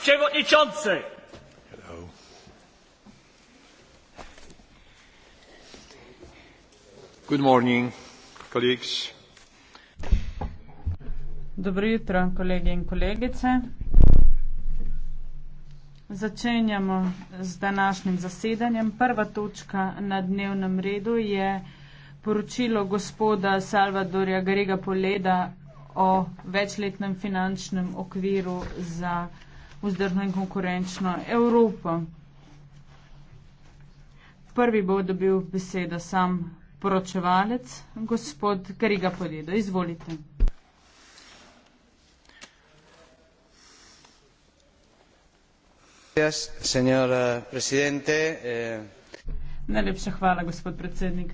przewodniczący! Hello. Good morning, colleagues. Dobro jutro, kolege in kolegice. Začenjamo z današnjim zasedanjem. Prva točka na dnevnem redu je poročilo gospoda Salvadorja Garega Poleda o večletnem finančnem okviru za vzdržno in konkurenčno Evropo. Prvi bo dobil besedo sam poročevalec, gospod Kariga Poljedo. Izvolite. Eh, Najlepša hvala, gospod predsednik.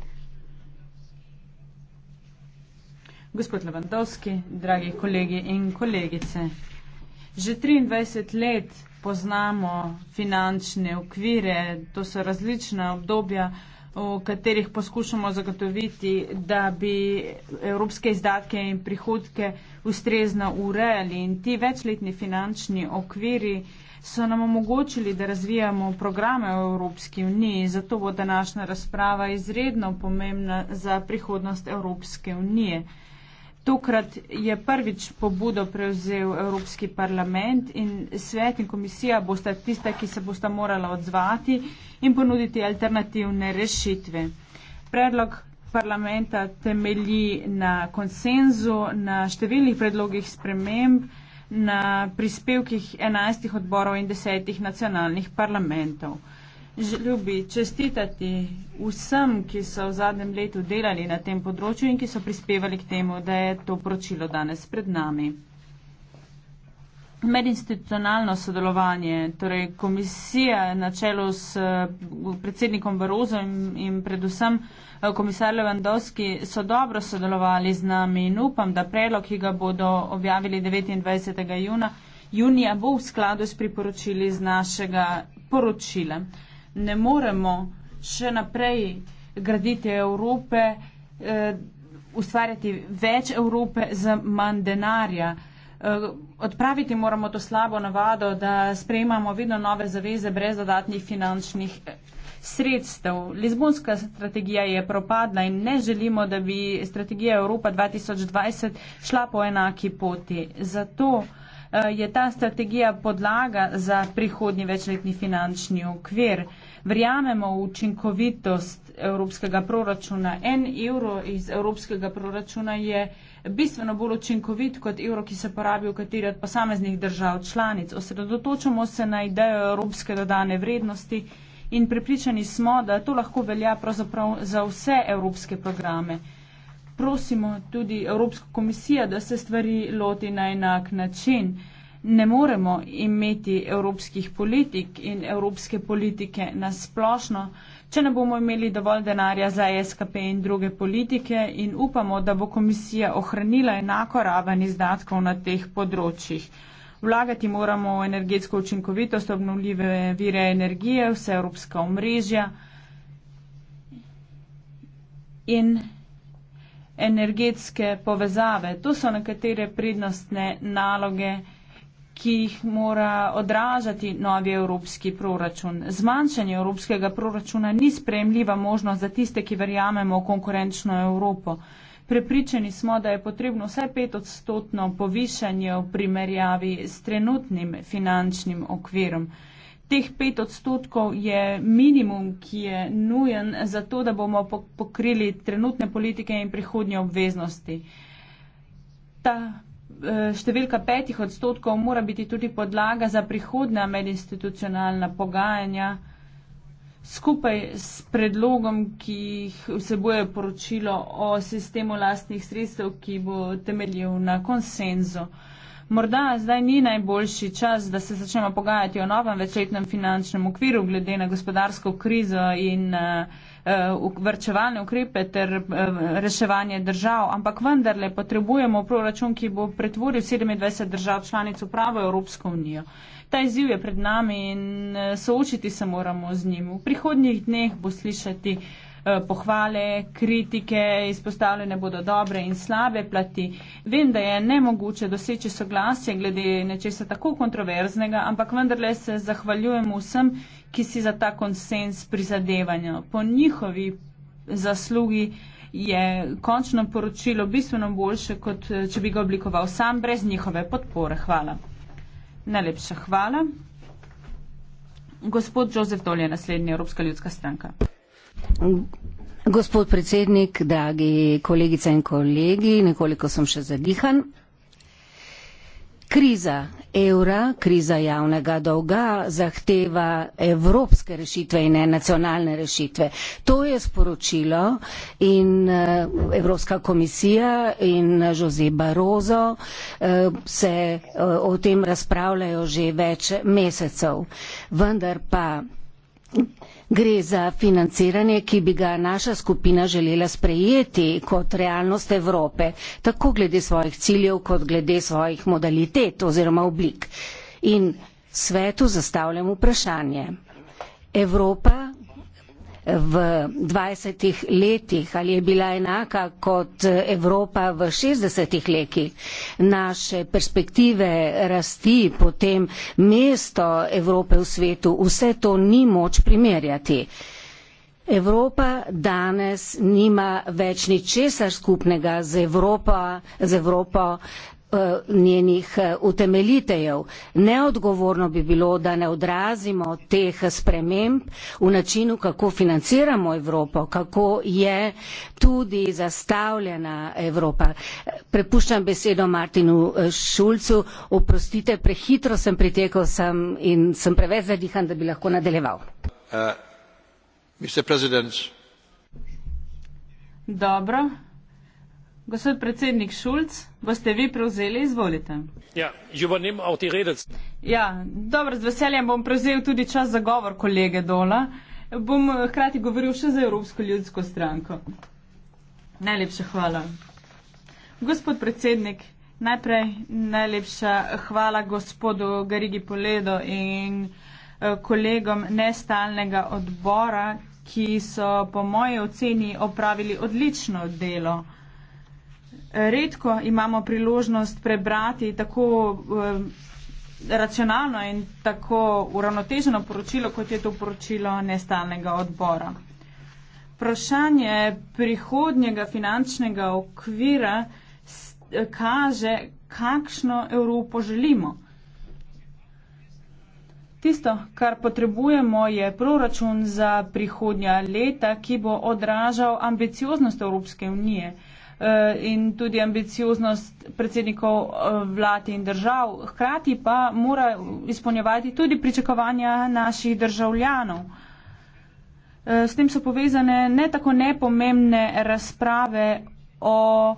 Gospod Levandovski, dragi kolegi in kolegice že 23 let poznamo finančne okvire, to so različna obdobja, v katerih poskušamo zagotoviti, da bi evropske izdatke in prihodke ustrezno urejali. In ti večletni finančni okviri so nam omogočili, da razvijamo programe v Evropski uniji. Zato bo današnja razprava izredno pomembna za prihodnost Evropske unije. Tokrat je prvič pobudo prevzel Evropski parlament in svet in komisija bosta tista, ki se bosta morala odzvati in ponuditi alternativne rešitve. Predlog parlamenta temelji na konsenzu, na številnih predlogih sprememb, na prispevkih enajstih odborov in desetih nacionalnih parlamentov želel bi čestitati vsem, ki so v zadnjem letu delali na tem področju in ki so prispevali k temu, da je to poročilo danes pred nami. Medinstitucionalno sodelovanje, torej komisija na čelu s eh, predsednikom Barozo in, in predvsem eh, komisar Levandovski so dobro sodelovali z nami in upam, da predlog, ki ga bodo objavili 29. Juna, junija, bo v skladu s priporočili z našega poročila ne moremo še naprej graditi Evrope, eh, ustvarjati več Evrope z manj denarja. Eh, odpraviti moramo to slabo navado, da sprejemamo vedno nove zaveze brez dodatnih finančnih eh, sredstev. Lizbonska strategija je propadla in ne želimo, da bi strategija Evropa 2020 šla po enaki poti. Zato Eh, je ta strategija podlaga za prihodnji večletni finančni okvir. Verjamemo v učinkovitost evropskega proračuna. En evro iz evropskega proračuna je bistveno bolj učinkovit kot evro, ki se porabi v kateri od posameznih držav članic. Osredotočamo se na idejo evropske dodane vrednosti in prepričani smo, da to lahko velja pravzaprav za vse evropske programe prosimo tudi Evropsko komisijo, da se stvari loti na enak način. Ne moremo imeti evropskih politik in evropske politike nasplošno, če ne bomo imeli dovolj denarja za SKP in druge politike in upamo, da bo komisija ohranila enako raven izdatkov na teh področjih. Vlagati moramo v energetsko učinkovitost, obnovljive vire energije, vse evropska omrežja in energetske povezave. To so nekatere prednostne naloge, ki jih mora odražati novi evropski proračun. Zmanjšanje evropskega proračuna ni spremljiva možnost za tiste, ki verjamemo v konkurenčno Evropo. Prepričani smo, da je potrebno vse pet odstotno povišanje v primerjavi s trenutnim finančnim okvirom teh pet odstotkov je minimum, ki je nujen za to, da bomo pokrili trenutne politike in prihodnje obveznosti. Ta e, Številka petih odstotkov mora biti tudi podlaga za prihodna medinstitucionalna pogajanja skupaj s predlogom, ki jih vsebuje poročilo o sistemu lastnih sredstev, ki bo temeljil na konsenzu. Morda zdaj ni najboljši čas, da se začnemo pogajati o novem večletnem finančnem okviru glede na gospodarsko krizo in uh, eh, eh, vrčevalne ukrepe ter uh, reševanje držav, ampak vendarle potrebujemo proračun, ki bo pretvoril 27 držav članic v pravo Evropsko unijo. Ta izziv je pred nami in soočiti se moramo z njim. V prihodnjih dneh bo slišati uh, Eh, pohvale, kritike, izpostavljene bodo dobre in slabe plati. Vem, da je nemogoče doseči soglasje glede nečesa tako kontroverznega, ampak vendarle se zahvaljujem vsem, ki si za ta konsens prizadevanja. Po njihovi zaslugi je končno poročilo bistveno boljše, kot eh, če bi ga oblikoval sam brez njihove podpore. Hvala. Najlepša hvala. Gospod Jozef Dol je naslednji Evropska ljudska stranka. Gospod predsednik, dragi kolegice in kolegi, nekoliko sem še zadihan. Kriza evra, kriza javnega dolga zahteva evropske rešitve in ne nacionalne rešitve. To je sporočilo in eh, Evropska komisija in Jose Barozo eh, se eh, o tem razpravljajo že več mesecev. Vendar pa Gre za financiranje, ki bi ga naša skupina želela sprejeti kot realnost Evrope, tako glede svojih ciljev, kot glede svojih modalitet oziroma oblik. In svetu zastavljam vprašanje. Evropa v 20 letih, ali je bila enaka kot Evropa v 60 letih. Naše perspektive rasti, potem mesto Evrope v svetu, vse to ni moč primerjati. Evropa danes nima več ničesar skupnega z Evropo, z Evropo Eh, njenih eh, utemeljitev. Neodgovorno bi bilo, da ne odrazimo teh sprememb v načinu, kako financiramo Evropo, kako je tudi zastavljena Evropa. Prepuščam besedo Martinu eh, Šulcu, oprostite, prehitro sem pritekel sem in sem preveč zadihan, da bi lahko nadaljeval. Uh, Dobro, Gospod predsednik Šulc, boste vi prevzeli, izvolite. Ja, ja, dobro, z veseljem bom prevzel tudi čas za govor kolege Dola. Bom eh, hkrati govoril še za Evropsko ljudsko stranko. Najlepša hvala. Gospod predsednik, najprej najlepša hvala gospodu Garigi Poledo in eh, kolegom nestalnega odbora, ki so po moji oceni opravili odlično delo redko imamo priložnost prebrati tako eh, racionalno in tako uravnoteženo poročilo, kot je to poročilo nestalnega odbora. Vprašanje prihodnjega finančnega okvira eh, kaže, kakšno Evropo želimo. Tisto, kar potrebujemo, je proračun za prihodnja leta, ki bo odražal ambicioznost Evropske unije. Eh, in tudi ambicioznost predsednikov eh, vlad in držav. Hkrati pa mora izpolnjevati tudi pričakovanja naših državljanov. Eh, s tem so povezane ne tako nepomembne razprave o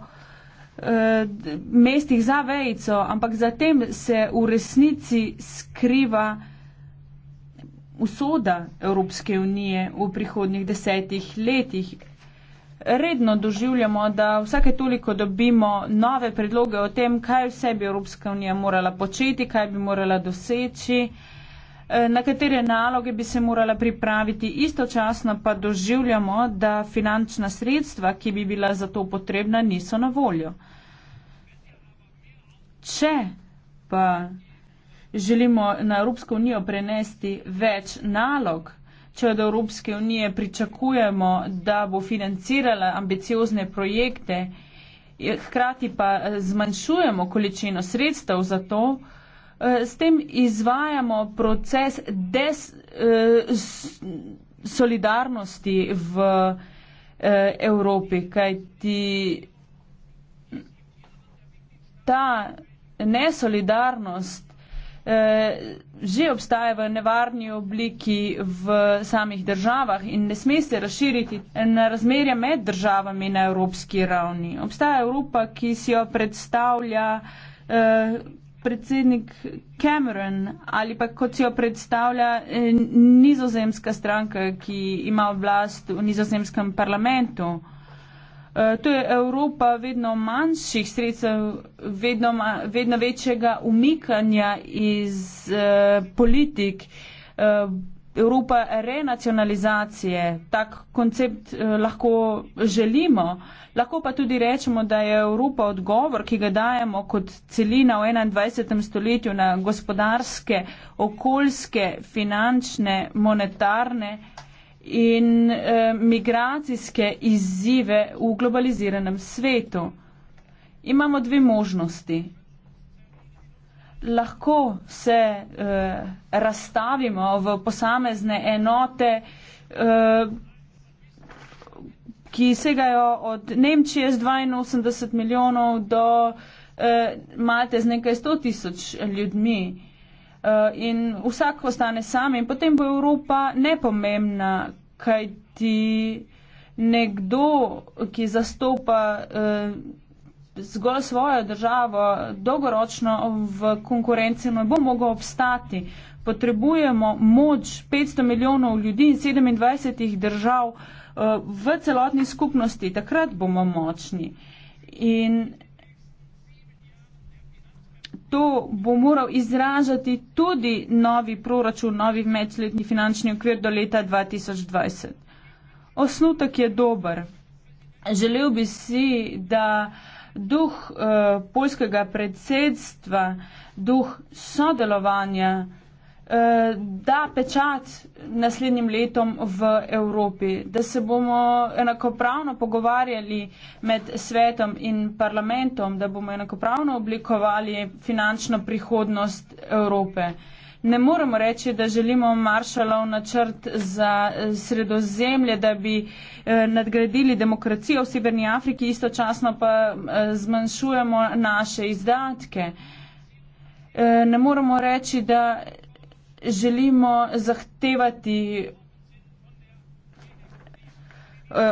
mestih za vejico, ampak zatem se v resnici skriva usoda Evropske unije v prihodnjih desetih letih redno doživljamo, da vsake toliko dobimo nove predloge o tem, kaj vse bi Evropska unija morala početi, kaj bi morala doseči, eh, na katere naloge bi se morala pripraviti. Istočasno pa doživljamo, da finančna sredstva, ki bi bila za to potrebna, niso na voljo. Če pa želimo na Evropsko unijo prenesti več nalog, če od Evropske unije pričakujemo, da bo financirala ambiciozne projekte, hkrati pa eh, zmanjšujemo količino sredstev za to, eh, s tem izvajamo proces des, eh, solidarnosti v Evropi, kajti ta nesolidarnost že obstaja v nevarni obliki v samih državah in ne sme se razširiti na razmerja med državami na evropski ravni. Obstaja Evropa, ki si jo predstavlja eh, predsednik Cameron ali pa kot si jo predstavlja eh, nizozemska stranka, ki ima oblast v nizozemskem parlamentu. Eh, to je Evropa vedno manjših sredstev, vedno, vedno večjega umikanja iz uh, politik. Uh, Evropa renacionalizacije, tak koncept eh, lahko želimo, lahko pa tudi rečemo, da je Evropa odgovor, ki ga dajemo kot celina v 21. stoletju na gospodarske, okoljske, finančne, monetarne eh, in e, migracijske izzive v globaliziranem svetu. Imamo dve možnosti. Lahko se e, razstavimo v posamezne enote, e, ki segajo od Nemčije z 82 milijonov do e, Malte z nekaj 100 tisoč ljudmi. Eh, in vsak ostane sam in potem bo Evropa nepomembna, kaj ti nekdo, ki zastopa uh, zgolj svojo državo dolgoročno v konkurenci, ne bo mogel obstati. Potrebujemo moč 500 milijonov ljudi in 27 držav uh, v celotni skupnosti, takrat bomo močni. In to bo moral izražati tudi novi proračun, novi medsletni finančni okvir do leta 2020. Osnutek je dober. Želel bi si, da duh uh, eh, polskega predsedstva, duh sodelovanja, da pečat naslednjim letom v Evropi, da se bomo enakopravno pogovarjali med svetom in parlamentom, da bomo enakopravno oblikovali finančno prihodnost Evrope. Ne moramo reči, da želimo maršalov načrt za eh, sredozemlje, da bi eh, nadgradili demokracijo v Severni Afriki, istočasno pa eh, zmanjšujemo naše izdatke. Ne moramo reči, da želimo zahtevati eh,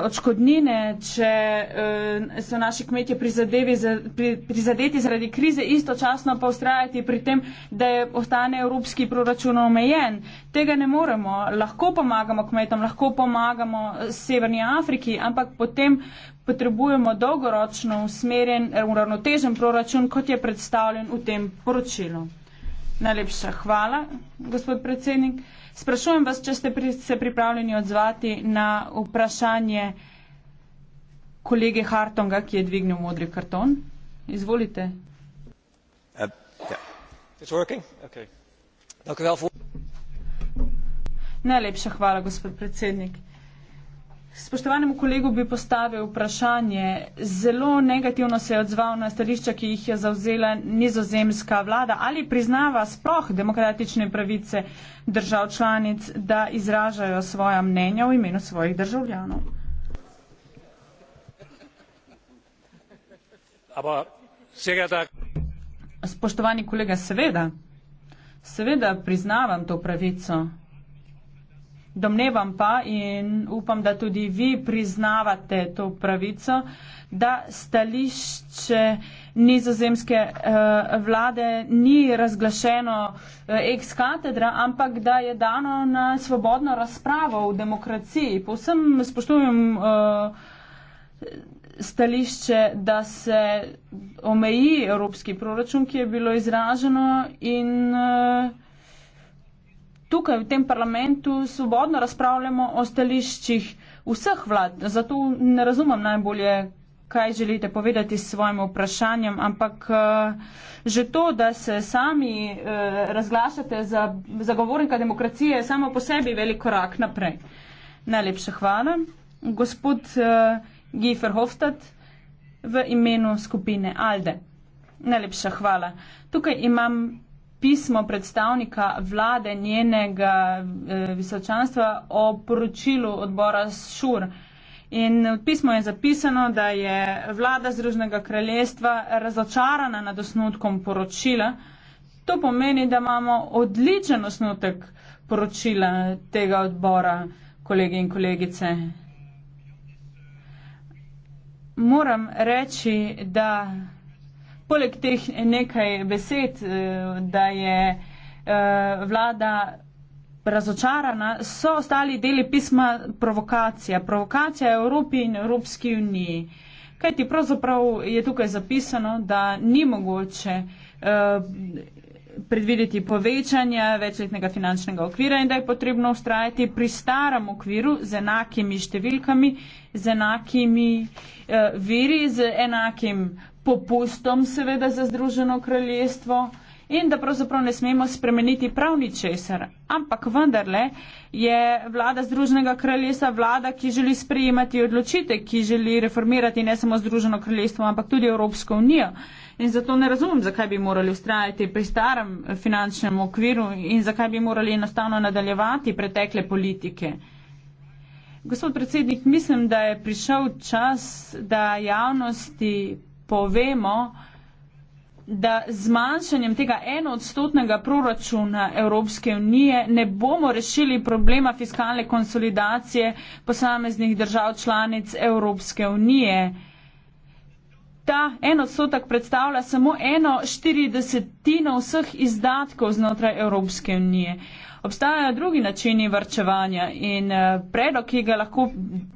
odškodnine, če eh, so naši kmetje prizadeti zaradi krize, istočasno pa ustrajati pri tem, da ostane evropski proračun omejen. Tega ne moremo. Lahko pomagamo kmetom, lahko pomagamo Severni Afriki, ampak potem potrebujemo dolgoročno usmerjen, eh, uravnotežen proračun, kot je predstavljen v tem poročilu. Najlepša hvala, gospod predsednik. Sprašujem vas, če ste pri, se pripravljeni odzvati na vprašanje kolege Hartonga, ki je dvignil modri karton. Izvolite. Uh, Najlepša hvala, gospod predsednik. Spoštovanemu kolegu bi postavil vprašanje. Zelo negativno se je odzval na stališča, ki jih je zauzela nizozemska vlada. Ali priznava sploh demokratične pravice držav članic, da izražajo svoja mnenja v imenu svojih državljanov? Spoštovani kolega, seveda. Seveda priznavam to pravico. Domnevam pa in upam, da tudi vi priznavate to pravico, da stališče nizozemske eh, vlade ni razglašeno eh, ex katedra, ampak da je dano na svobodno razpravo v demokraciji. Povsem spoštujem eh, stališče, da se omeji evropski proračun, ki je bilo izraženo in. Eh, tukaj v tem parlamentu svobodno razpravljamo o stališčih vseh vlad. Zato ne razumem najbolje, kaj želite povedati s svojim vprašanjem, ampak eh, že to, da se sami eh, razglašate za zagovornika demokracije, je samo po sebi velik korak naprej. Najlepša hvala. Gospod eh, Gifer Hofstad v imenu skupine ALDE. Najlepša hvala. Tukaj imam pismo predstavnika vlade njenega eh, visočanstva o poročilu odbora ŠUR. In v pismu je zapisano, da je vlada Združenega kraljestva razočarana nad osnutkom poročila. To pomeni, da imamo odličen osnutek poročila tega odbora, kolegi in kolegice. Moram reči, da poleg teh nekaj besed, eh, da je eh, vlada razočarana, so ostali deli pisma provokacija. Provokacija Evropi in Evropski uniji. Kaj ti pravzaprav je tukaj zapisano, da ni mogoče eh, predvideti povečanja večletnega finančnega okvira in da je potrebno ustrajati pri starem okviru z enakimi številkami, z enakimi eh, viri, z enakim popustom, seveda, za Združeno kraljestvo. In da pravzaprav ne smemo spremeniti prav ničesar. Ampak vendarle je vlada Združenega kraljestva vlada, ki želi sprejemati odločitev, ki želi reformirati ne samo Združeno kraljestvo, ampak tudi Evropsko unijo. In zato ne razumem, zakaj bi morali ustrajati pri starem finančnem okviru in zakaj bi morali enostavno nadaljevati pretekle politike. Gospod predsednik, mislim, da je prišel čas, da javnosti povemo, da zmanjšanjem tega enoodstotnega proračuna Evropske unije ne bomo rešili problema fiskalne konsolidacije posameznih držav članic Evropske unije. Ta enoodstotek predstavlja samo eno štiridesetino vseh izdatkov znotraj Evropske unije. Obstajajo drugi načini vrčevanja in eh, predlog, ki ga lahko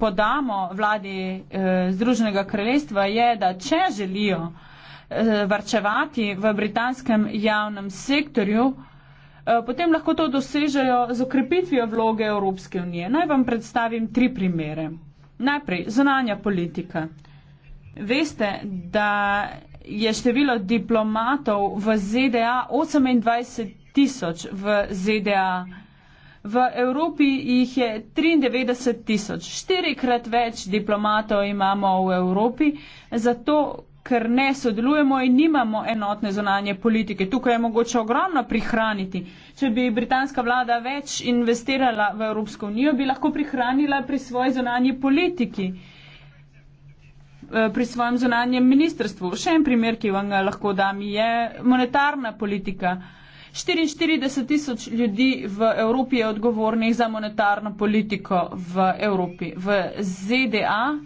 podamo vladi eh, Združenega kraljestva, je, da če želijo eh, vrčevati v britanskem javnem sektorju, potem lahko to dosežejo z okrepitvijo vloge Evropske unije. Naj vam predstavim tri primere. Najprej zunanja politika. Veste, da je število diplomatov v ZDA 28 tisoč v ZDA. V Evropi jih je 93 tisoč, štirikrat več diplomatov imamo v Evropi, zato ker ne sodelujemo in nimamo enotne zonanje politike. Tukaj je mogoče ogromno prihraniti. Če bi britanska vlada več investirala v Evropsko unijo, bi lahko prihranila pri svoji zonanji politiki, eh, pri svojem zonanjem ministrstvu. Še en primer, ki vam ga lahko dam, je monetarna politika. 44 tisoč ljudi v Evropi je odgovornih za monetarno politiko v Evropi. V ZDA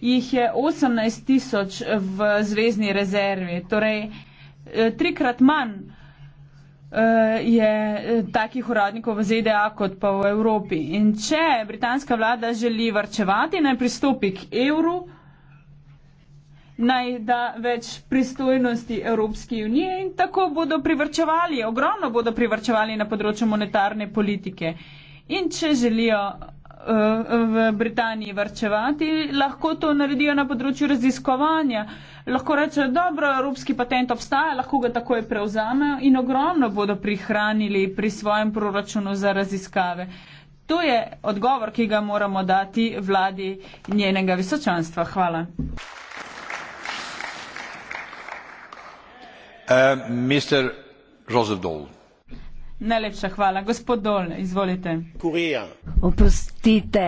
jih je 18 tisoč v zvezdni rezervi, torej eh, trikrat manj eh, je eh, takih uradnikov v ZDA kot pa v Evropi. In če britanska vlada želi varčevati, naj pristopi k evru, naj da več pristojnosti Evropski uniji in tako bodo privrčevali, ogromno bodo privrčevali na področju monetarne politike. In če želijo eh, v Britaniji varčevati, lahko to naredijo na področju raziskovanja. Lahko rečejo, dobro, evropski patent obstaja, lahko ga takoj prevzamejo in ogromno bodo prihranili pri svojem proračunu za raziskave. To je odgovor, ki ga moramo dati vladi njenega visočanstva. Hvala. Uh, najlepša hvala gospod daul izvolite oprostite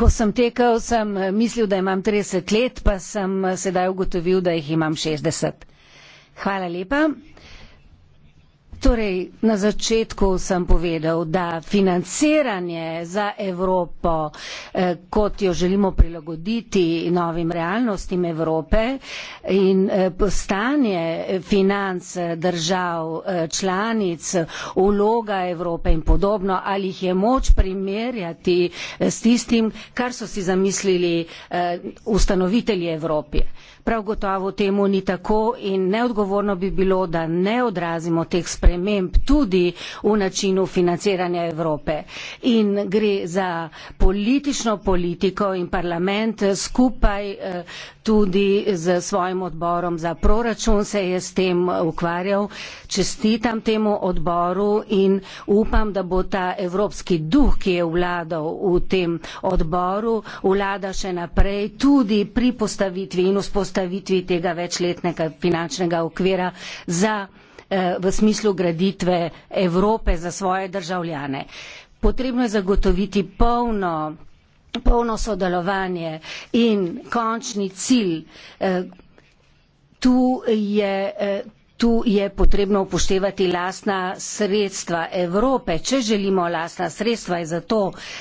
ko sem tekel sem eh, mislil da imam trideset let pa sem eh, sedaj ugotovil da jih imam šestdeset hvala lepa Torej, na začetku sem povedal, da financiranje za Evropo, eh, kot jo želimo prilagoditi novim realnostim Evrope in postanje eh, eh, financ držav članic, vloga Evrope in podobno, ali jih je moč primerjati s tistim, kar so si zamislili ustanovitelji Evrope. Prav gotovo temu ni tako in neodgovorno bi bilo, da ne odrazimo teh sprememb tudi v načinu financiranja Evrope. In gre za politično politiko in parlament skupaj eh, tudi z svojim odborom za proračun se je s tem ukvarjal. Čestitam temu odboru in upam, da bo ta evropski duh, ki je vladal v tem odboru, vlada še naprej tudi pri postavitvi in vzpostavitvi tega večletnega finančnega okvira za, eh, v smislu graditve Evrope za svoje državljane. Potrebno je zagotoviti polno polno sodelovanje in končni cilj eh, tu je eh, Tu je potrebno upoštevati lastna sredstva Evrope, če želimo lastna sredstva je zato,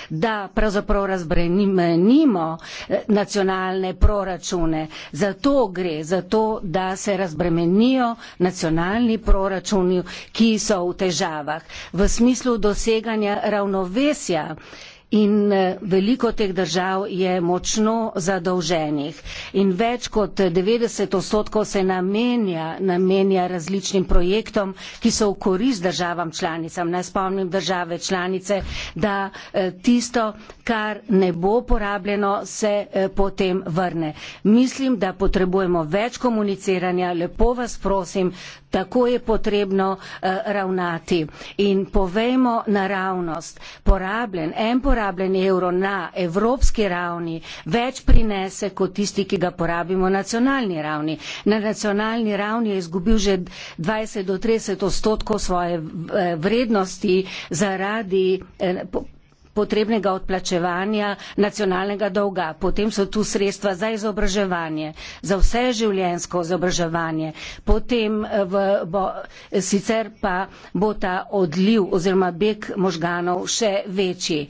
da pravzaprav razbremenimo eh, nacionalne proračune. Zato gre, zato da se razbremenijo nacionalni proračuni, ki so v težavah. V smislu doseganja ravnovesja eh, in eh, veliko teh držav je močno zadolženih. In več kot 90 odstotkov se namenja, namenja različnim projektom, ki so v korist državam članicam. Naj spomnim države članice, da eh, tisto, kar ne bo porabljeno, se eh, potem vrne. Mislim, da potrebujemo več komuniciranja. Lepo vas prosim, tako je potrebno uh, ravnati. In povejmo naravnost, porabljen, en porabljen evro na evropski ravni več prinese kot tisti, ki ga porabimo na nacionalni ravni. Na nacionalni ravni je izgubil že 20 do 30 odstotkov svoje eh, vrednosti zaradi. Uh, potrebnega odplačevanja nacionalnega dolga, potem so tu sredstva za izobraževanje, za vse življensko izobraževanje, potem eh, v, bo, sicer pa bo ta odliv oziroma beg možganov še večji.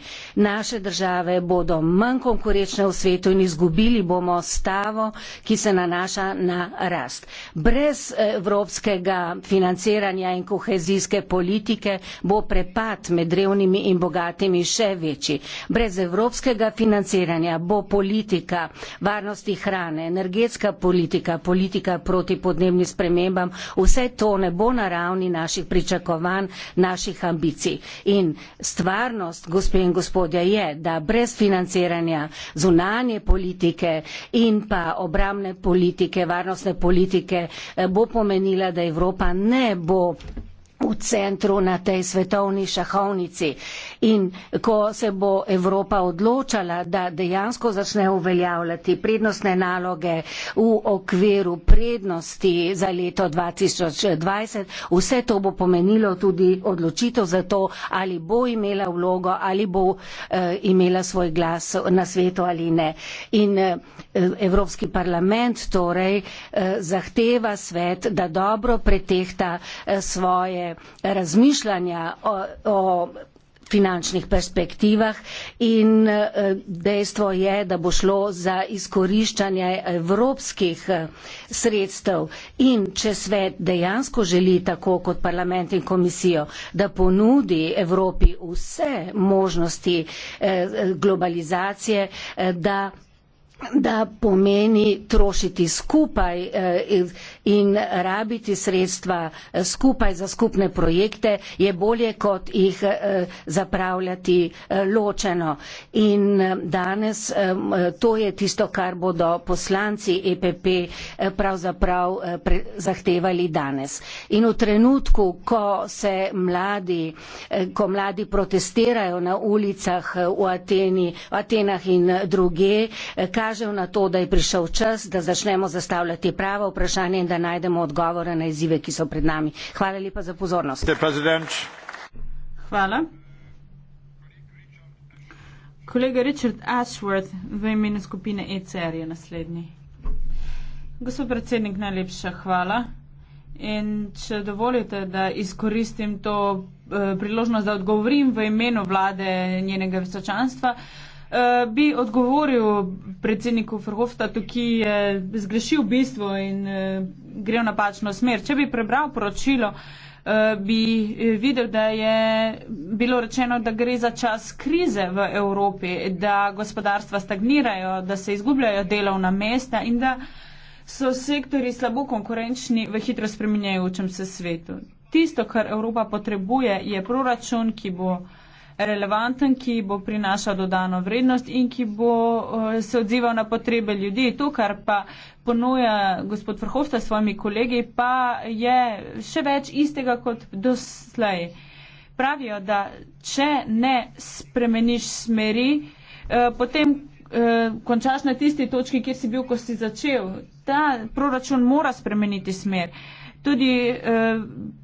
Naše države bodo manj konkurečne v svetu in izgubili bomo stavo, ki se nanaša na rast. Brez eh, evropskega financiranja in kohezijske politike bo prepad med revnimi in bogatimi še večji. Brez evropskega financiranja bo politika varnosti hrane, energetska politika, politika proti podnebnim spremembam, vse to ne bo na ravni naših pričakovanj, naših ambicij. In stvarnost, gospe in gospodje, je, da brez financiranja zunanje politike in pa obramne politike, varnostne politike eh, bo pomenila, da Evropa ne bo v centru na tej svetovni šahovnici. In ko se bo Evropa odločala, da dejansko začne uveljavljati prednostne naloge v okviru prednosti za leto 2020, vse to bo pomenilo tudi odločitev za to, ali bo imela vlogo, ali bo eh, imela svoj glas na svetu ali ne. In eh, Evropski parlament torej eh, zahteva svet, da dobro pretehta eh, svoje razmišljanja o, o finančnih perspektivah in eh, dejstvo je, da bo šlo za izkoriščanje evropskih eh, sredstev. In če svet dejansko želi, tako kot parlament in komisijo, da ponudi Evropi vse možnosti eh, globalizacije, da da pomeni trošiti skupaj eh, in rabiti sredstva eh, skupaj za skupne projekte, je bolje, kot jih eh, zapravljati ločeno. In danes to je tisto, kar bodo poslanci EPP pravzaprav zahtevali danes. In v trenutku, ko se mladi, ko mladi protestirajo na ulicah v, Ateni, v Atenah in druge, kar kažejo na to, da je prišel čas, da začnemo zastavljati prava vprašanja in da najdemo odgovore na izzive, ki so pred nami. Hvala lepa za pozornost. Hvala. Kolega Richard Ashworth v imenu skupine ECR je naslednji. Gospod predsednik, najlepša hvala. In če dovolite, da izkoristim to eh, priložnost, da odgovorim v imenu vlade njenega visočanstva. Eh, Eh, bi odgovoril predsedniku Verhofstadtu, ki je zgrešil bistvo in uh, eh, gre v napačno smer. Če bi prebral poročilo, uh, bi videl, da je bilo rečeno, da gre za čas krize v Evropi, da gospodarstva stagnirajo, da se izgubljajo delovna mesta in da so sektori slabo konkurenčni v hitro spreminjajočem se svetu. Tisto, kar Evropa potrebuje, je proračun, ki bo relevanten, ki bo prinašal dodano vrednost in ki bo eh, se odzival na potrebe ljudi. To, kar pa ponuja gospod Vrhovsta s svojimi kolegi, pa je še več istega kot doslej. Pravijo, da če ne spremeniš smeri, eh, potem eh, končaš na tisti točki, kjer si bil, ko si začel. Ta proračun mora spremeniti smer. Tudi eh,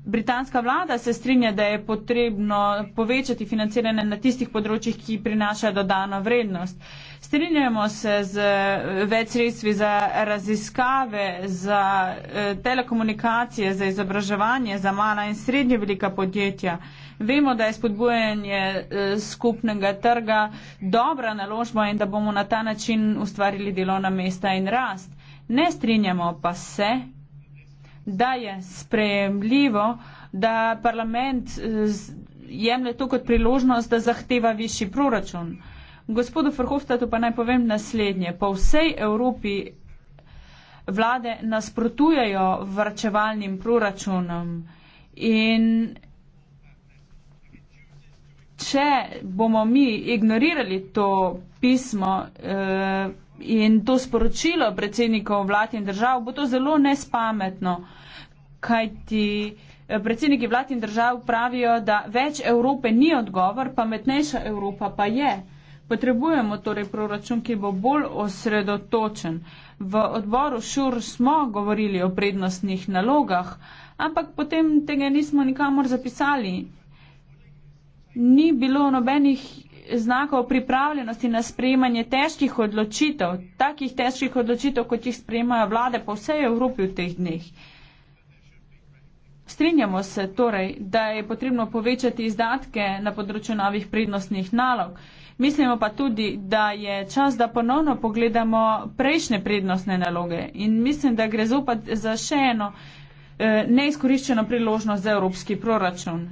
britanska vlada se strinja, da je potrebno povečati financiranje na tistih področjih, ki prinašajo dodano vrednost. Strinjamo se z več sredstvi za raziskave, za eh, telekomunikacije, za izobraževanje, za mala in srednje velika podjetja. Vemo, da je spodbujanje eh, skupnega trga dobra naložba in da bomo na ta način ustvarili delovna mesta in rast. Ne strinjamo pa se, da je sprejemljivo, da parlament eh, jemlje to kot priložnost, da zahteva višji proračun. Gospodu Frhovstatu pa naj povem naslednje. Po vsej Evropi vlade nasprotujejo vrčevalnim proračunom in če bomo mi ignorirali to pismo, eh, in to sporočilo predsednikov vlad in držav, bo to zelo nespametno, kajti eh, predsedniki vlad in držav pravijo, da več Evrope ni odgovor, pametnejša Evropa pa je. Potrebujemo torej proračun, ki bo bolj osredotočen. V odboru ŠUR smo govorili o prednostnih nalogah, ampak potem tega nismo nikamor zapisali. Ni bilo nobenih znakov pripravljenosti na sprejemanje težkih odločitev, takih težkih odločitev, kot jih sprejemajo vlade po vsej Evropi v teh dneh. Strinjamo se torej, da je potrebno povečati izdatke na področju novih prednostnih nalog. Mislimo pa tudi, da je čas, da ponovno pogledamo prejšnje prednostne naloge in mislim, da gre zopet za še eno eh, neizkoriščeno priložnost za evropski proračun.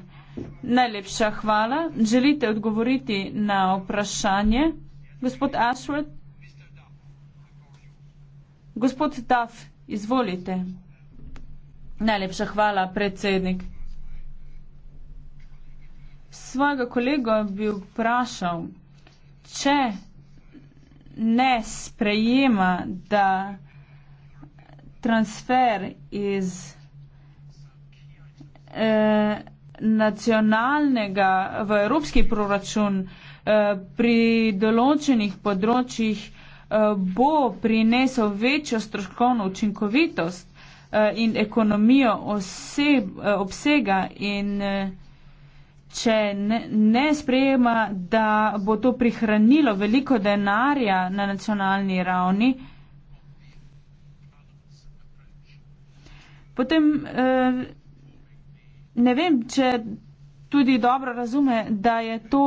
Najlepša hvala. Želite odgovoriti na vprašanje, gospod Ashworth? Gospod Duff, izvolite. Najlepša hvala, predsednik. Svojega kolego bi vprašal, če ne sprejema, da transfer iz eh, nacionalnega v evropski proračun eh, pri določenih področjih eh, bo prinesel večjo stroškovno učinkovitost eh, in ekonomijo oseb, obsega in če ne, ne sprejema, da bo to prihranilo veliko denarja na nacionalni ravni, potem eh, ne vem, če tudi dobro razume, da je to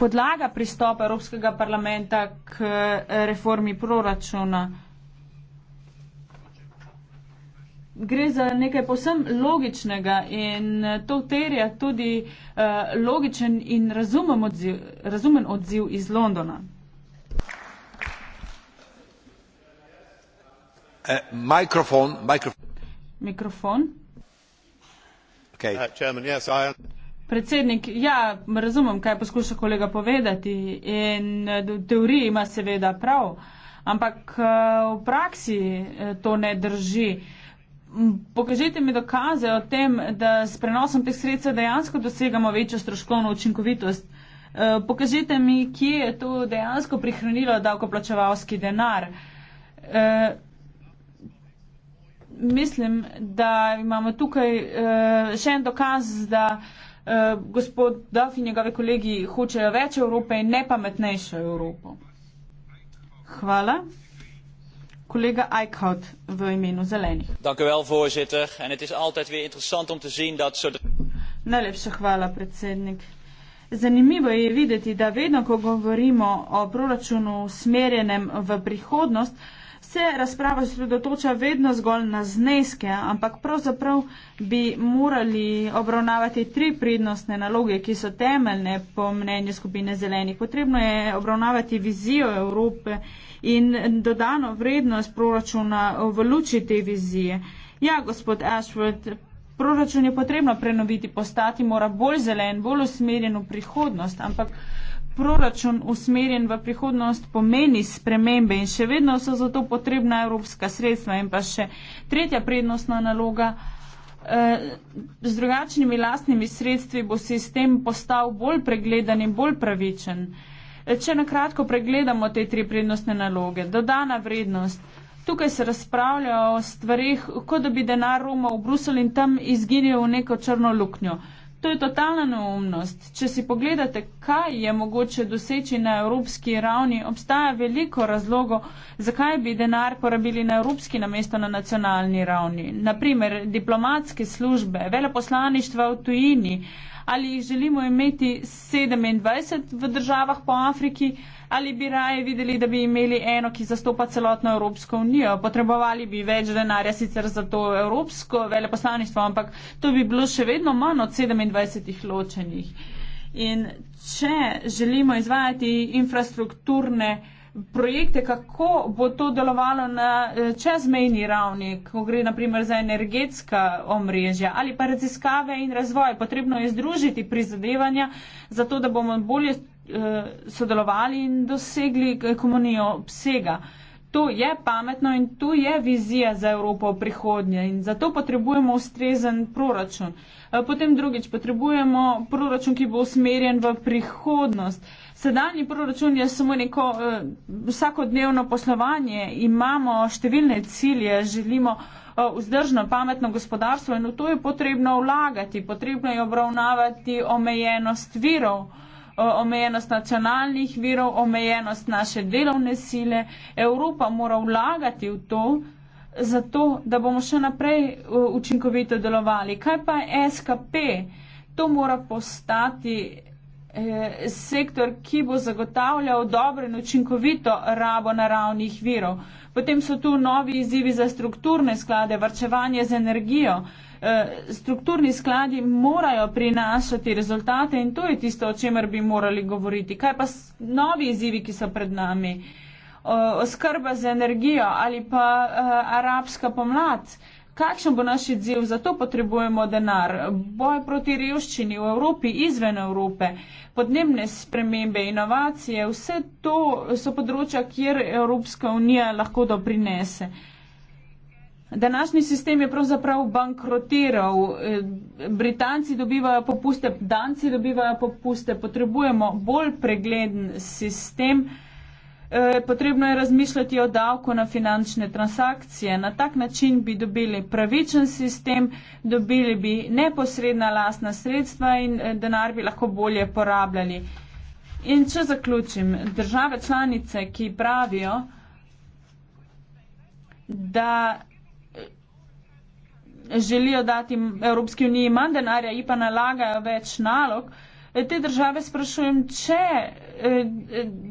podlaga pristopa Evropskega parlamenta k eh, reformi proračuna. Gre za nekaj posem logičnega in eh, to terja tudi uh, logičen in razumen odziv, razumen odziv iz Londona. Uh, mikrofon. mikrofon. mikrofon. Okay. Uh, chairman, yes, I... Predsednik, ja, razumem, kaj poskuša kolega povedati in eh, v teoriji ima seveda prav, ampak eh, v praksi eh, to ne drži. Pokažite mi dokaze o tem, da s prenosom teh sredstev dejansko dosegamo večjo stroškovno učinkovitost. Pokažite mi, kje je to dejansko prihranilo davkoplačevalski denar mislim, da imamo tukaj uh, še en dokaz, da uh, gospod Duff in njegovi kolegi hočejo več Evrope in nepametnejšo Evropo. Hvala. Collega Eickhout wil je menu zelenig. Dank u wel, voorzitter. En het is altijd weer interessant om te zien dat zodra... Najlepša hvala, predsednik. Zanimivo je videti, da vedno, ko govorimo o proračunu usmerjenem v prihodnost, uh, se razprava sredotoča vedno zgolj na zneske, ampak pravzaprav bi morali obravnavati tri prednostne naloge, ki so temeljne po mnenju skupine zelenih. Potrebno je obravnavati vizijo Evrope in dodano vrednost proračuna v luči te vizije. Ja, gospod Ashford, proračun je potrebno prenoviti, postati mora bolj zelen, bolj usmerjen v prihodnost, ampak proračun usmerjen v prihodnost pomeni spremembe in še vedno so za to potrebna evropska sredstva in pa še tretja prednostna naloga. Eh, z drugačnimi lastnimi sredstvi bo sistem postal bolj pregleden in bolj pravičen. Eh, če na kratko pregledamo te tri prednostne naloge, dodana vrednost. Tukaj se razpravlja o stvarih, kot da bi denar Roma v Bruselj in tam izginil v neko črno luknjo. To je totalna neumnost. Če si pogledate, kaj je mogoče doseči na evropski ravni, obstaja veliko razlogo, zakaj bi denar porabili na evropski namesto na nacionalni ravni. Naprimer, diplomatske službe, veleposlaništva v tujini, uh, ali jih želimo imeti 27 v državah po Afriki, ali bi raje videli, da bi imeli eno, ki zastopa celotno Evropsko unijo. Potrebovali bi več denarja sicer za to Evropsko veleposlaništvo, ampak to bi bilo še vedno manj od 27 ločenih. In če želimo izvajati infrastrukturne projekte, kako bo to delovalo na eh, čezmejni ravni, ko gre naprimer za energetska omrežja ali pa raziskave in razvoj. Potrebno je združiti prizadevanja za to, da bomo bolje eh, sodelovali in dosegli komunijo obsega. To je pametno in to je vizija za Evropo v prihodnje in zato potrebujemo ustrezen proračun. Eh, potem drugič, potrebujemo proračun, ki bo usmerjen v prihodnost. Sedanji proračun je samo neko uh, vsakodnevno poslovanje. Imamo številne cilje, želimo uh, vzdržno, pametno gospodarstvo in v to je potrebno vlagati. Potrebno je obravnavati omejenost virov, uh, omejenost nacionalnih virov, omejenost naše delovne sile. Evropa mora vlagati v to, zato da bomo še naprej uh, učinkovito delovali. Kaj pa SKP? To mora postati Eh, sektor, ki bo zagotavljal dobro in učinkovito rabo naravnih virov. Potem so tu novi izzivi za strukturne sklade, vrčevanje z energijo. Eh, strukturni skladi morajo prinašati rezultate in to je tisto, o čemer bi morali govoriti. Kaj pa novi izzivi, ki so pred nami? Oskrba z energijo ali pa eh, arabska pomlad. Kakšen bo naš odziv? Zato potrebujemo denar. Boj proti revščini v Evropi, izven Evrope, podnebne spremembe, inovacije, vse to so področja, kjer Evropska unija lahko doprinese. Današnji sistem je pravzaprav bankrotiral. Britanci dobivajo popuste, Danci dobivajo popuste. Potrebujemo bolj pregleden sistem. Eh, potrebno je razmišljati o davku na finančne transakcije. Na tak način bi dobili pravičen sistem, dobili bi neposredna lastna sredstva in eh, denar bi lahko bolje porabljali. In če zaključim, države članice, ki pravijo, da eh, želijo dati Evropski uniji manj denarja in pa nalagajo več nalog, E, te države sprašujem, če e,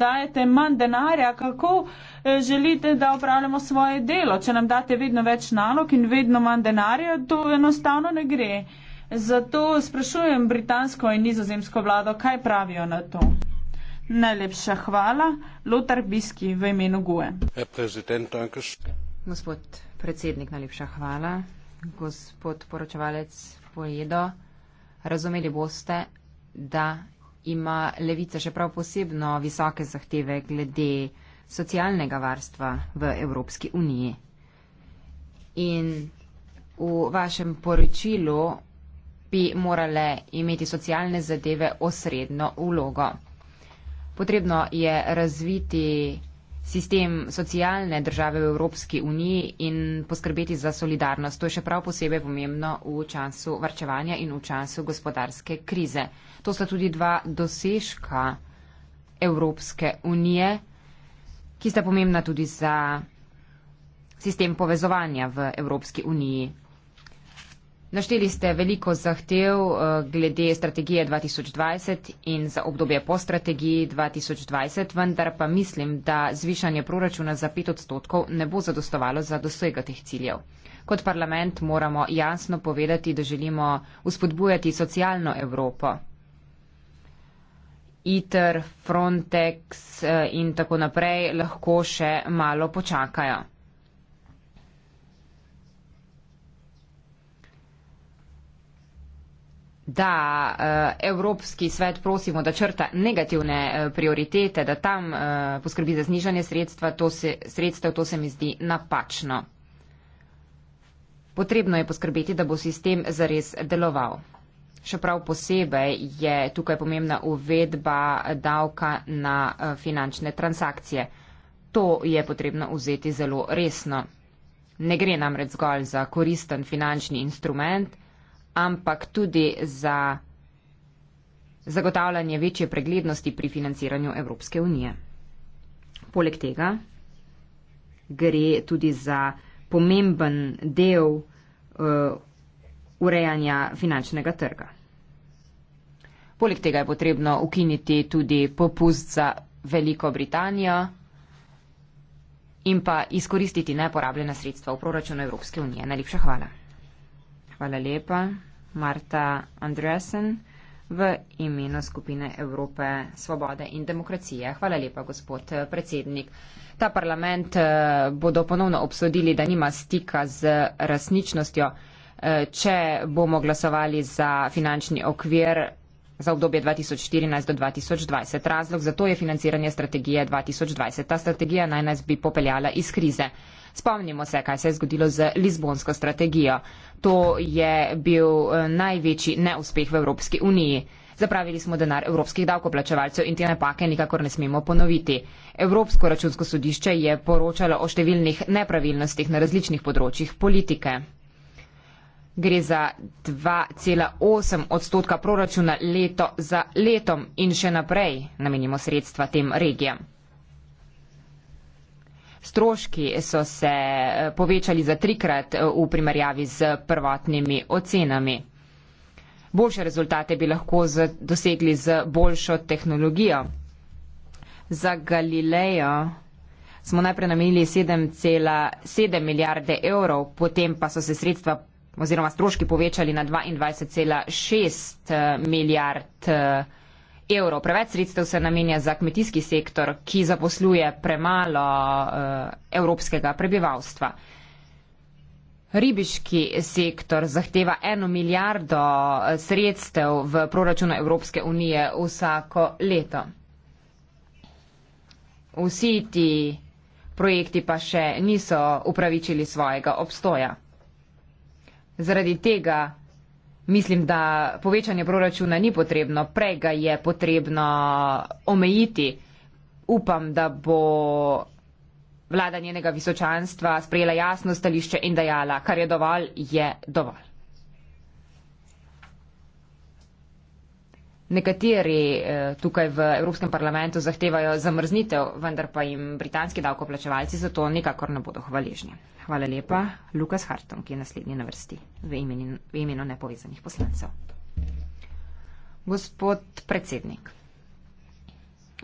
dajete manj denarja, kako e, želite, da upravljamo svoje delo. Če nam date vedno več nalog in vedno manj denarja, to enostavno ne gre. Zato sprašujem britansko in nizozemsko vlado, kaj pravijo na to. Najlepša hvala. Lotar Biski v imenu Gue. Gospod predsednik, najlepša hvala. Gospod poročevalec Pojedo, razumeli boste, da ima levica še prav posebno visoke zahteve glede socialnega varstva v Evropski uniji. In v vašem poročilu bi morale imeti socialne zadeve osredno vlogo. Potrebno je razviti sistem socialne države v Evropski uniji in poskrbeti za solidarnost. To je še prav posebej pomembno v času varčevanja in v času gospodarske krize. To sta tudi dva dosežka Evropske unije, ki sta pomembna tudi za sistem povezovanja v Evropski uniji. Našteli ste veliko zahtev eh, glede strategije 2020 in za obdobje po strategiji 2020, vendar pa mislim, da zvišanje proračuna za 5 odstotkov ne bo zadostovalo za dosega teh ciljev. Kot parlament moramo jasno povedati, da želimo uspodbujati socialno Evropo. ITER, Frontex eh, in tako naprej lahko še malo počakajo. da eh, Evropski svet prosimo, da črta negativne eh, prioritete, da tam eh, poskrbi za znižanje sredstva, to se, sredstev, to se mi zdi napačno. Potrebno je poskrbeti, da bo sistem zares deloval. Še prav posebej je tukaj pomembna uvedba davka na finančne transakcije. To je potrebno vzeti zelo resno. Ne gre namreč zgolj za koristen finančni instrument, ampak tudi za zagotavljanje večje preglednosti pri financiranju Evropske unije. Poleg tega gre tudi za pomemben del uh, urejanja finančnega trga. Poleg tega je potrebno ukiniti tudi popust za Veliko Britanijo in pa izkoristiti neporabljena sredstva v proračunu Evropske unije. Najlepša hvala. Hvala lepa. Marta Andresen v imenu skupine Evrope svobode in demokracije. Hvala lepa, gospod eh, predsednik. Ta parlament eh, bodo ponovno obsodili, da nima stika z resničnostjo. Eh, če bomo glasovali za finančni okvir, za obdobje 2014 do 2020. Razlog za to je financiranje strategije 2020. Ta strategija naj nas bi popeljala iz krize. Spomnimo se, kaj se je zgodilo z Lizbonsko strategijo. To je bil eh, največji neuspeh v Evropski uniji. Zapravili smo denar evropskih davkoplačevalcev in te napake nikakor ne smemo ponoviti. Evropsko računsko sodišče je poročalo o številnih nepravilnostih na različnih področjih politike gre za 2,8 odstotka proračuna leto za letom in še naprej namenimo sredstva tem regijam. Stroški so se eh, povečali za trikrat eh, v primerjavi z prvotnimi ocenami. Boljše rezultate bi lahko z, dosegli z boljšo tehnologijo. Za Galilejo smo najprej namenili 7,7 milijarde evrov, potem pa so se sredstva oziroma stroški povečali na 22,6 eh, milijard eh, evrov. Preveč sredstev se namenja za kmetijski sektor, ki zaposluje premalo eh, evropskega prebivalstva. Ribiški sektor zahteva eno milijardo sredstev v proračunu Evropske unije vsako leto. Vsi ti projekti pa še niso upravičili svojega obstoja. Zaradi tega mislim, da povečanje proračuna ni potrebno, prej ga je potrebno omejiti. Upam, da bo vlada njenega visočanstva sprejela jasno stališče in dejala, kar je dovolj, je dovolj. Nekateri eh, tukaj v Evropskem parlamentu zahtevajo zamrznitev, vendar pa jim britanski davkoplačevalci za to nikakor ne bodo hvaležni. Hvala lepa. Lukas Harton, ki je naslednji na vrsti v imenu, v imenu nepovezanih poslancev. Gospod predsednik,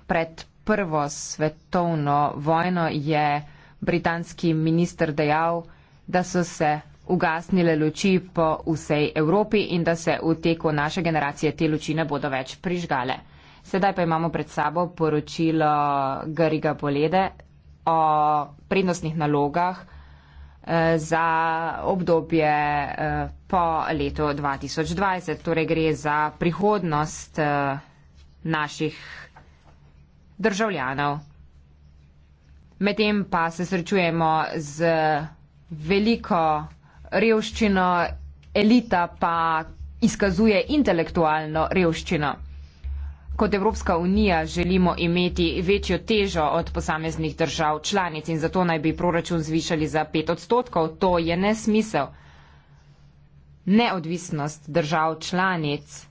pred prvo svetovno vojno je britanski minister dejal, da so se ugasnile luči po vsej Evropi in da se v teku naše generacije te luči ne bodo več prižgale. Sedaj pa imamo pred sabo poročilo Gariga Bolede o prednostnih nalogah eh, za obdobje eh, po letu 2020. Torej gre za prihodnost eh, naših državljanov. Medtem pa se srečujemo z veliko revščino, elita pa izkazuje intelektualno revščino. Kot Evropska unija želimo imeti večjo težo od posameznih držav članic in zato naj bi proračun zvišali za pet odstotkov. To je nesmisel. Neodvisnost držav članic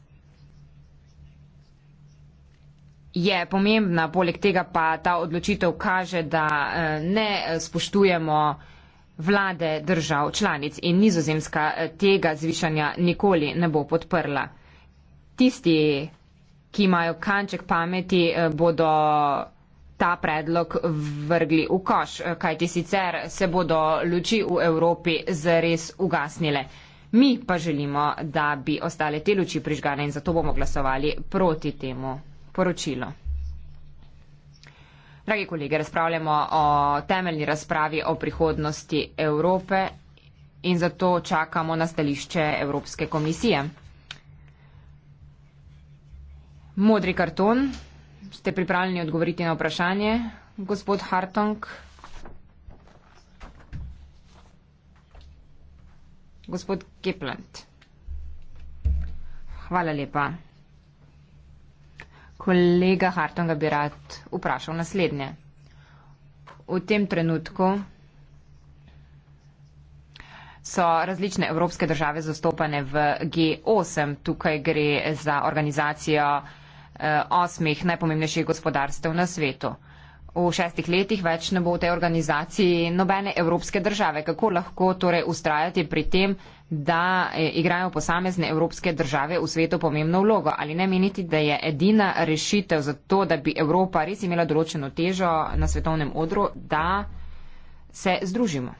je pomembna, poleg tega pa ta odločitev kaže, da eh, ne spoštujemo vlade držav članic in nizozemska eh, tega zvišanja nikoli ne bo podprla. Tisti, ki imajo kanček pameti, eh, bodo ta predlog vrgli v koš, eh, kajti sicer se bodo luči v Evropi zares ugasnile. Mi pa želimo, da bi ostale te luči prižgane in zato bomo glasovali proti temu poročilu. Dragi kolegi, razpravljamo o temeljni razpravi o prihodnosti Evrope in zato čakamo na stališče Evropske komisije. Modri karton, ste pripravljeni odgovoriti na vprašanje, gospod Hartong? Gospod Kipland. Hvala lepa. Kolega Hartonga bi rad vprašal naslednje. V tem trenutku so različne evropske države zastopane v G8. Tukaj gre za organizacijo eh, osmih najpomembnejših gospodarstev na svetu. V šestih letih več ne bo v tej organizaciji nobene evropske države. Kako lahko torej ustrajati pri tem, da eh, igrajo posamezne evropske države v svetu pomembno vlogo. Ali ne meniti, da je edina rešitev za to, da bi Evropa res imela določeno težo na svetovnem odru, da se združimo?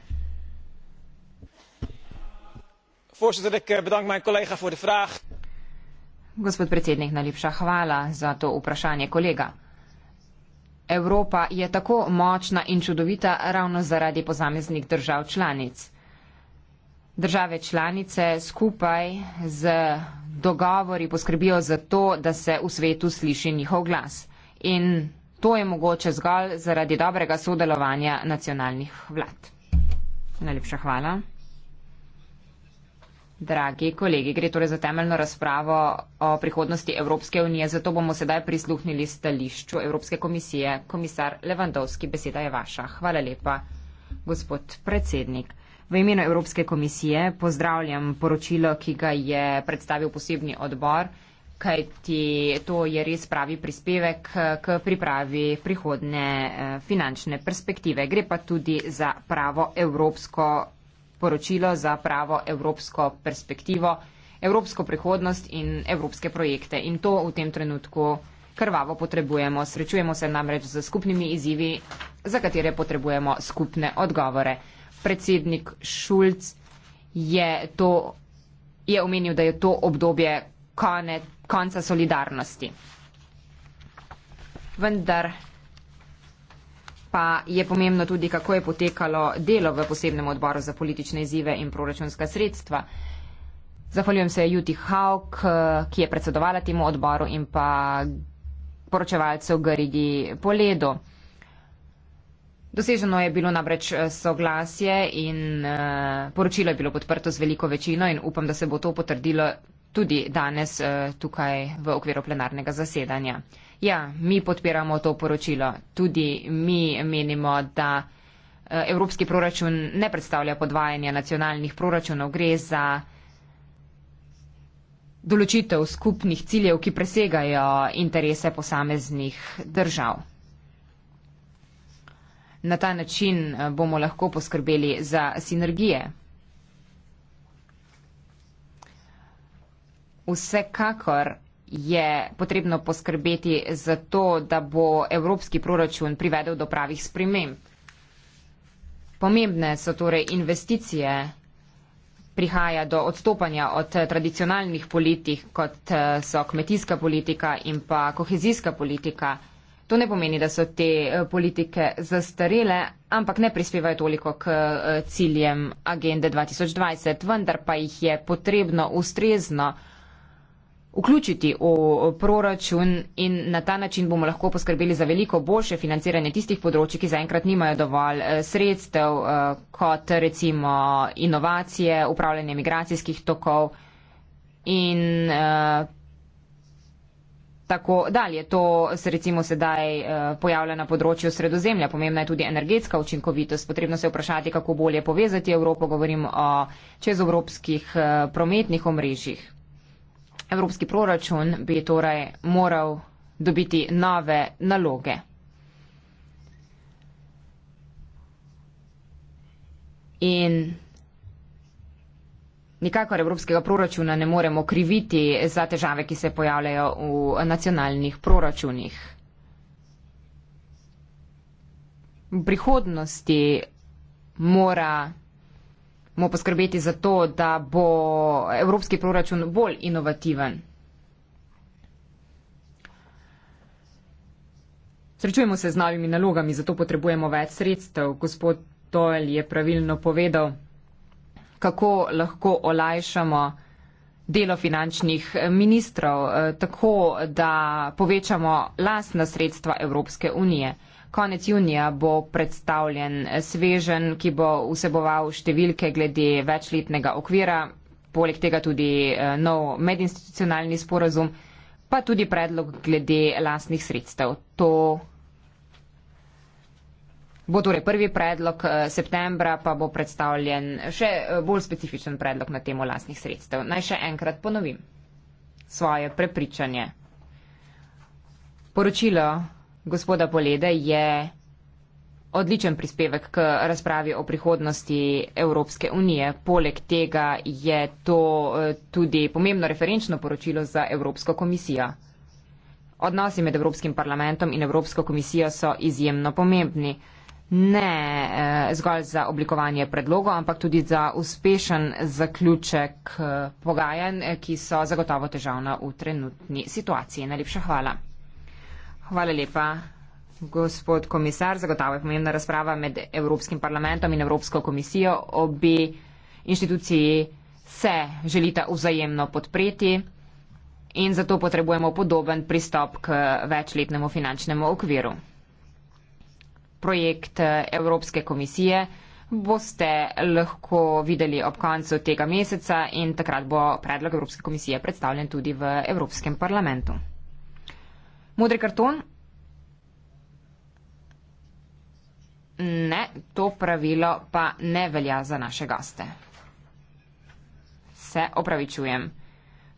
Voorzitter, ik eh, bedank mijn collega voor de vraag. Gospod predsednik, najlepša hvala za to vprašanje, kolega. Evropa je tako močna in čudovita ravno zaradi posameznih držav članic države članice skupaj z dogovori poskrbijo za to, da se v svetu sliši njihov glas. In to je mogoče zgolj zaradi dobrega sodelovanja nacionalnih vlad. Najlepša hvala. Dragi kolegi, gre torej za temeljno razpravo o prihodnosti Evropske unije, zato bomo sedaj prisluhnili stališču Evropske komisije. Komisar Levandovski, beseda je vaša. Hvala lepa, gospod predsednik. V imenu Evropske komisije pozdravljam poročilo, ki ga je predstavil posebni odbor, kajti to je res pravi prispevek k pripravi prihodne eh, finančne perspektive. Gre pa tudi za pravo evropsko poročilo, za pravo evropsko perspektivo, evropsko prihodnost in evropske projekte. In to v tem trenutku krvavo potrebujemo. Srečujemo se namreč z skupnimi izzivi, za katere potrebujemo skupne odgovore predsednik Šulc je, to, je omenil, da je to obdobje kone, konca solidarnosti. Vendar pa je pomembno tudi, kako je potekalo delo v posebnem odboru za politične izzive in proračunska sredstva. Zahvaljujem se Juti Hauk, ki je predsedovala temu odboru in pa poročevalcev Garigi Poledo. Doseženo je bilo namreč eh, soglasje in uh, poročilo je bilo podprto z veliko večino in upam, da se bo to potrdilo tudi danes uh, tukaj v okviru plenarnega zasedanja. Ja, mi podpiramo to poročilo. Tudi mi menimo, da uh, evropski proračun ne predstavlja podvajanja nacionalnih proračunov. Gre za določitev skupnih ciljev, ki presegajo interese posameznih držav. Na ta način eh, bomo lahko poskrbeli za sinergije. Vsekakor je potrebno poskrbeti za to, da bo evropski proračun privedel do pravih sprememb. Pomembne so torej investicije, prihaja do odstopanja od eh, tradicionalnih politik, kot eh, so kmetijska politika in pa kohezijska politika. To ne pomeni, da so te eh, politike zastarele, ampak ne prispevajo toliko k eh, ciljem agende 2020, vendar pa jih je potrebno ustrezno vključiti v eh, proračun in na ta način bomo lahko poskrbeli za veliko boljše financiranje tistih področji, ki zaenkrat nimajo dovolj sredstev, kot recimo inovacije, upravljanje migracijskih tokov in Tako dalje. To se recimo sedaj eh, pojavlja na področju sredozemlja. Pomembna je tudi energetska učinkovitost. Potrebno se vprašati, kako bolje povezati Evropo. Govorim o čezevropskih eh, prometnih omrežjih. Evropski proračun bi torej moral dobiti nove naloge. In Nikakor evropskega proračuna ne moremo kriviti za težave, ki se pojavljajo v nacionalnih proračunih. V prihodnosti moramo poskrbeti za to, da bo evropski proračun bolj inovativen. Srečujemo se z novimi nalogami, zato potrebujemo več sredstev. Gospod Toel je pravilno povedal kako lahko olajšamo delo finančnih eh, ministrov, eh, tako da povečamo lastna sredstva Evropske unije. Konec junija bo predstavljen eh, svežen, ki bo vseboval številke glede večletnega okvira, poleg tega tudi nov medinstitucionalni sporazum, pa tudi predlog glede lastnih sredstev. To bo torej prvi predlog eh, septembra, pa bo predstavljen eh, še eh, bolj specifičen predlog na temo lastnih sredstev. Naj še enkrat ponovim svoje prepričanje. Poročilo gospoda Polede je odličen prispevek k razpravi o prihodnosti Evropske unije. Poleg tega je to tudi pomembno referenčno poročilo za Evropsko komisijo. Odnosi med Evropskim parlamentom in Evropsko komisijo so izjemno pomembni ne eh, zgolj za oblikovanje predlogov, ampak tudi za uspešen zaključek eh, pogajanj, eh, ki so zagotovo težavna v trenutni situaciji. Najlepša hvala. Hvala lepa. Gospod komisar, zagotavlja pomembna razprava med Evropskim parlamentom in Evropsko komisijo. Obi inštituciji se želita vzajemno podpreti in zato potrebujemo podoben pristop k večletnemu finančnemu okviru projekt eh, Evropske komisije, boste lahko videli ob koncu tega meseca in takrat bo predlog Evropske komisije predstavljen tudi v Evropskem parlamentu. Modri karton. Ne, to pravilo pa ne velja za naše goste. Se opravičujem.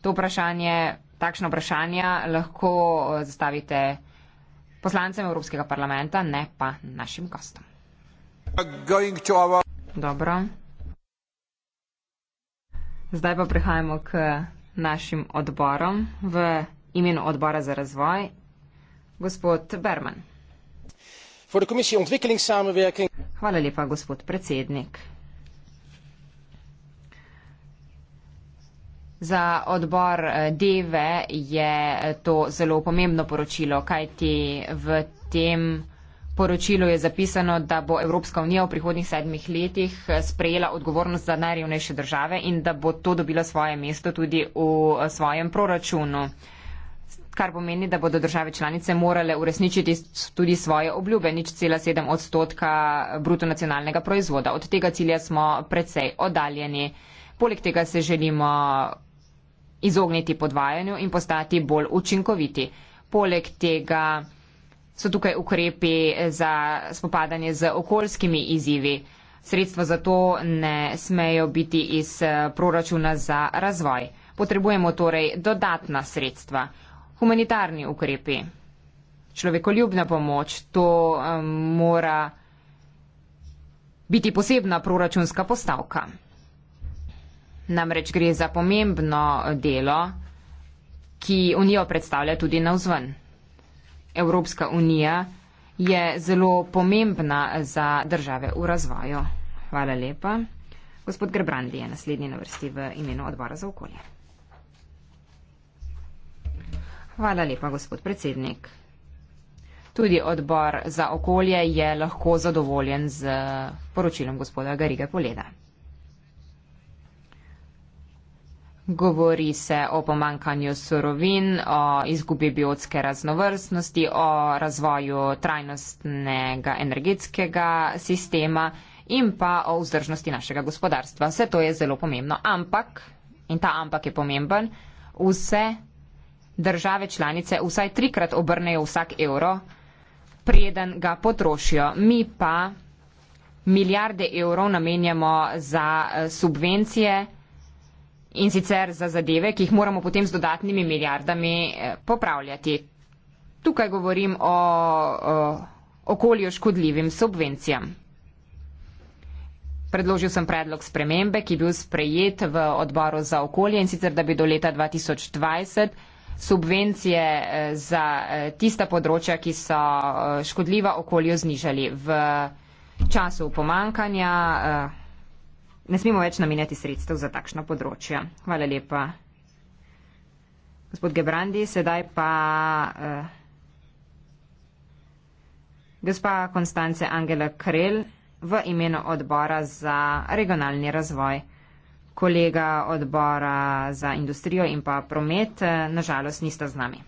To vprašanje, takšno vprašanje lahko eh, zastavite poslancem Evropskega parlamenta, ne pa našim gostom. Dobro. Zdaj pa prihajamo k našim odborom v imenu odbora za razvoj. Gospod Berman. Hvala lepa, gospod predsednik. Za odbor eh, Deve je eh, to zelo pomembno poročilo, kajti v tem poročilu je zapisano, da bo Evropska unija v prihodnjih sedmih letih eh, sprejela odgovornost za najrevnejše države in da bo to dobilo svoje mesto tudi v svojem proračunu. Kar pomeni, da bodo države članice morale uresničiti tudi svoje obljube, nič cela sedem odstotka brutonacionalnega proizvoda. Od tega cilja smo precej oddaljeni. Poleg tega se želimo izogniti podvajanju in postati bolj učinkoviti. Poleg tega so tukaj ukrepi za spopadanje z okoljskimi izzivi. Sredstva za to ne smejo biti iz eh, proračuna za razvoj. Potrebujemo torej dodatna sredstva, humanitarni ukrepi, človekoljubna pomoč, to um, mora biti posebna proračunska postavka. Namreč gre za pomembno delo, ki Unijo predstavlja tudi na vzven. Evropska unija je zelo pomembna za države v razvoju. Hvala lepa. Gospod Grebrandi je naslednji na vrsti v imenu odbora za okolje. Hvala lepa, gospod predsednik. Tudi odbor za okolje je lahko zadovoljen z poročilom gospoda Garige Poleda. Govori se o pomankanju surovin, o izgubi biotske raznovrstnosti, o razvoju trajnostnega energetskega sistema in pa o vzdržnosti našega gospodarstva. Vse to je zelo pomembno, ampak, in ta ampak je pomemben, vse države članice vsaj trikrat obrnejo vsak evro, preden ga potrošijo. Mi pa milijarde evrov namenjamo za eh, subvencije, in sicer za zadeve, ki jih moramo potem z dodatnimi milijardami eh, popravljati. Tukaj govorim o, o okolju škodljivim subvencijam. Predložil sem predlog spremembe, ki je bil sprejet v odboru za okolje in sicer, da bi do leta 2020 subvencije eh, za eh, tista področja, ki so škodljiva okolju znižali v času pomankanja ne smemo več namenjati sredstev za takšno področje. Hvala lepa. Gospod Gebrandi, sedaj pa. Eh, gospa Konstance Angela Krel v imenu odbora za regionalni razvoj. Kolega odbora za industrijo in pa promet, eh, nažalost, nista z nami.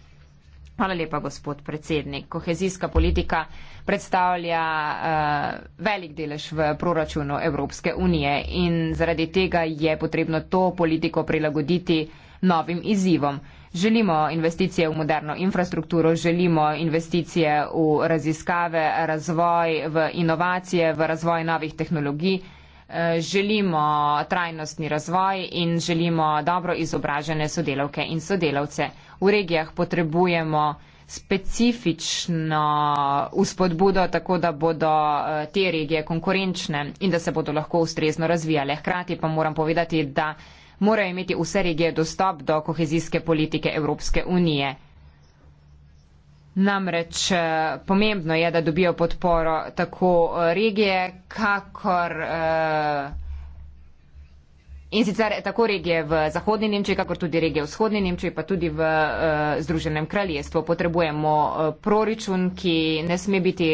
Hvala lepa, gospod predsednik. Kohezijska politika predstavlja uh, velik delež v proračunu Evropske unije in zaradi tega je potrebno to politiko prilagoditi novim izzivom. Želimo investicije v moderno infrastrukturo, želimo investicije v raziskave, razvoj, v inovacije, v razvoj novih tehnologij, eh, želimo trajnostni razvoj in želimo dobro izobražene sodelavke in sodelavce v regijah potrebujemo specifično uspodbudo, tako da bodo eh, te regije konkurenčne in da se bodo lahko ustrezno razvijale. Hkrati pa moram povedati, da morajo imeti vse regije dostop do kohezijske politike Evropske unije. Namreč eh, pomembno je, da dobijo podporo tako eh, regije, kakor eh, In sicer tako regije v Zahodni Nemčiji, kakor tudi regije v Vzhodni Nemčiji, pa tudi v uh, Združenem kraljestvu potrebujemo uh, proračun, ki ne sme biti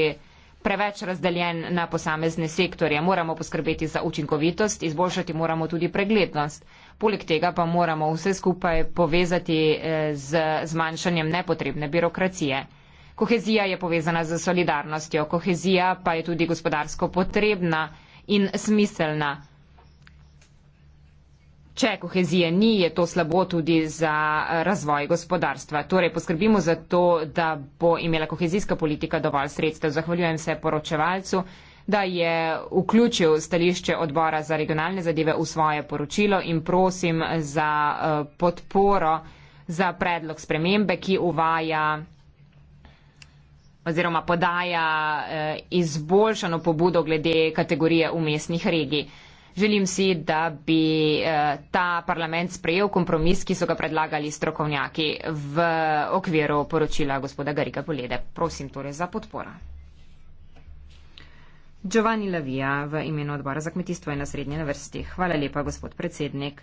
preveč razdeljen na posamezne sektorje. Moramo poskrbeti za učinkovitost, izboljšati moramo tudi preglednost. Poleg tega pa moramo vse skupaj povezati eh, z zmanjšanjem nepotrebne birokracije. Kohezija je povezana z solidarnostjo, kohezija pa je tudi gospodarsko potrebna in smiselna. Če kohezije ni, je to slabo tudi za eh, razvoj gospodarstva. Torej, poskrbimo za to, da bo imela kohezijska politika dovolj sredstev. Zahvaljujem se poročevalcu, da je vključil stališče odbora za regionalne zadeve v svoje poročilo in prosim za eh, podporo za predlog spremembe, ki uvaja oziroma podaja eh, izboljšano pobudo glede kategorije umestnih regij. Želim si, da bi eh, ta parlament sprejel kompromis, ki so ga predlagali strokovnjaki v okviru poročila gospoda Garika Polede. Prosim torej za podporo. Giovanni Lavija v imenu odbora za kmetijstvo in na srednje na vrsti. Hvala lepa, gospod predsednik.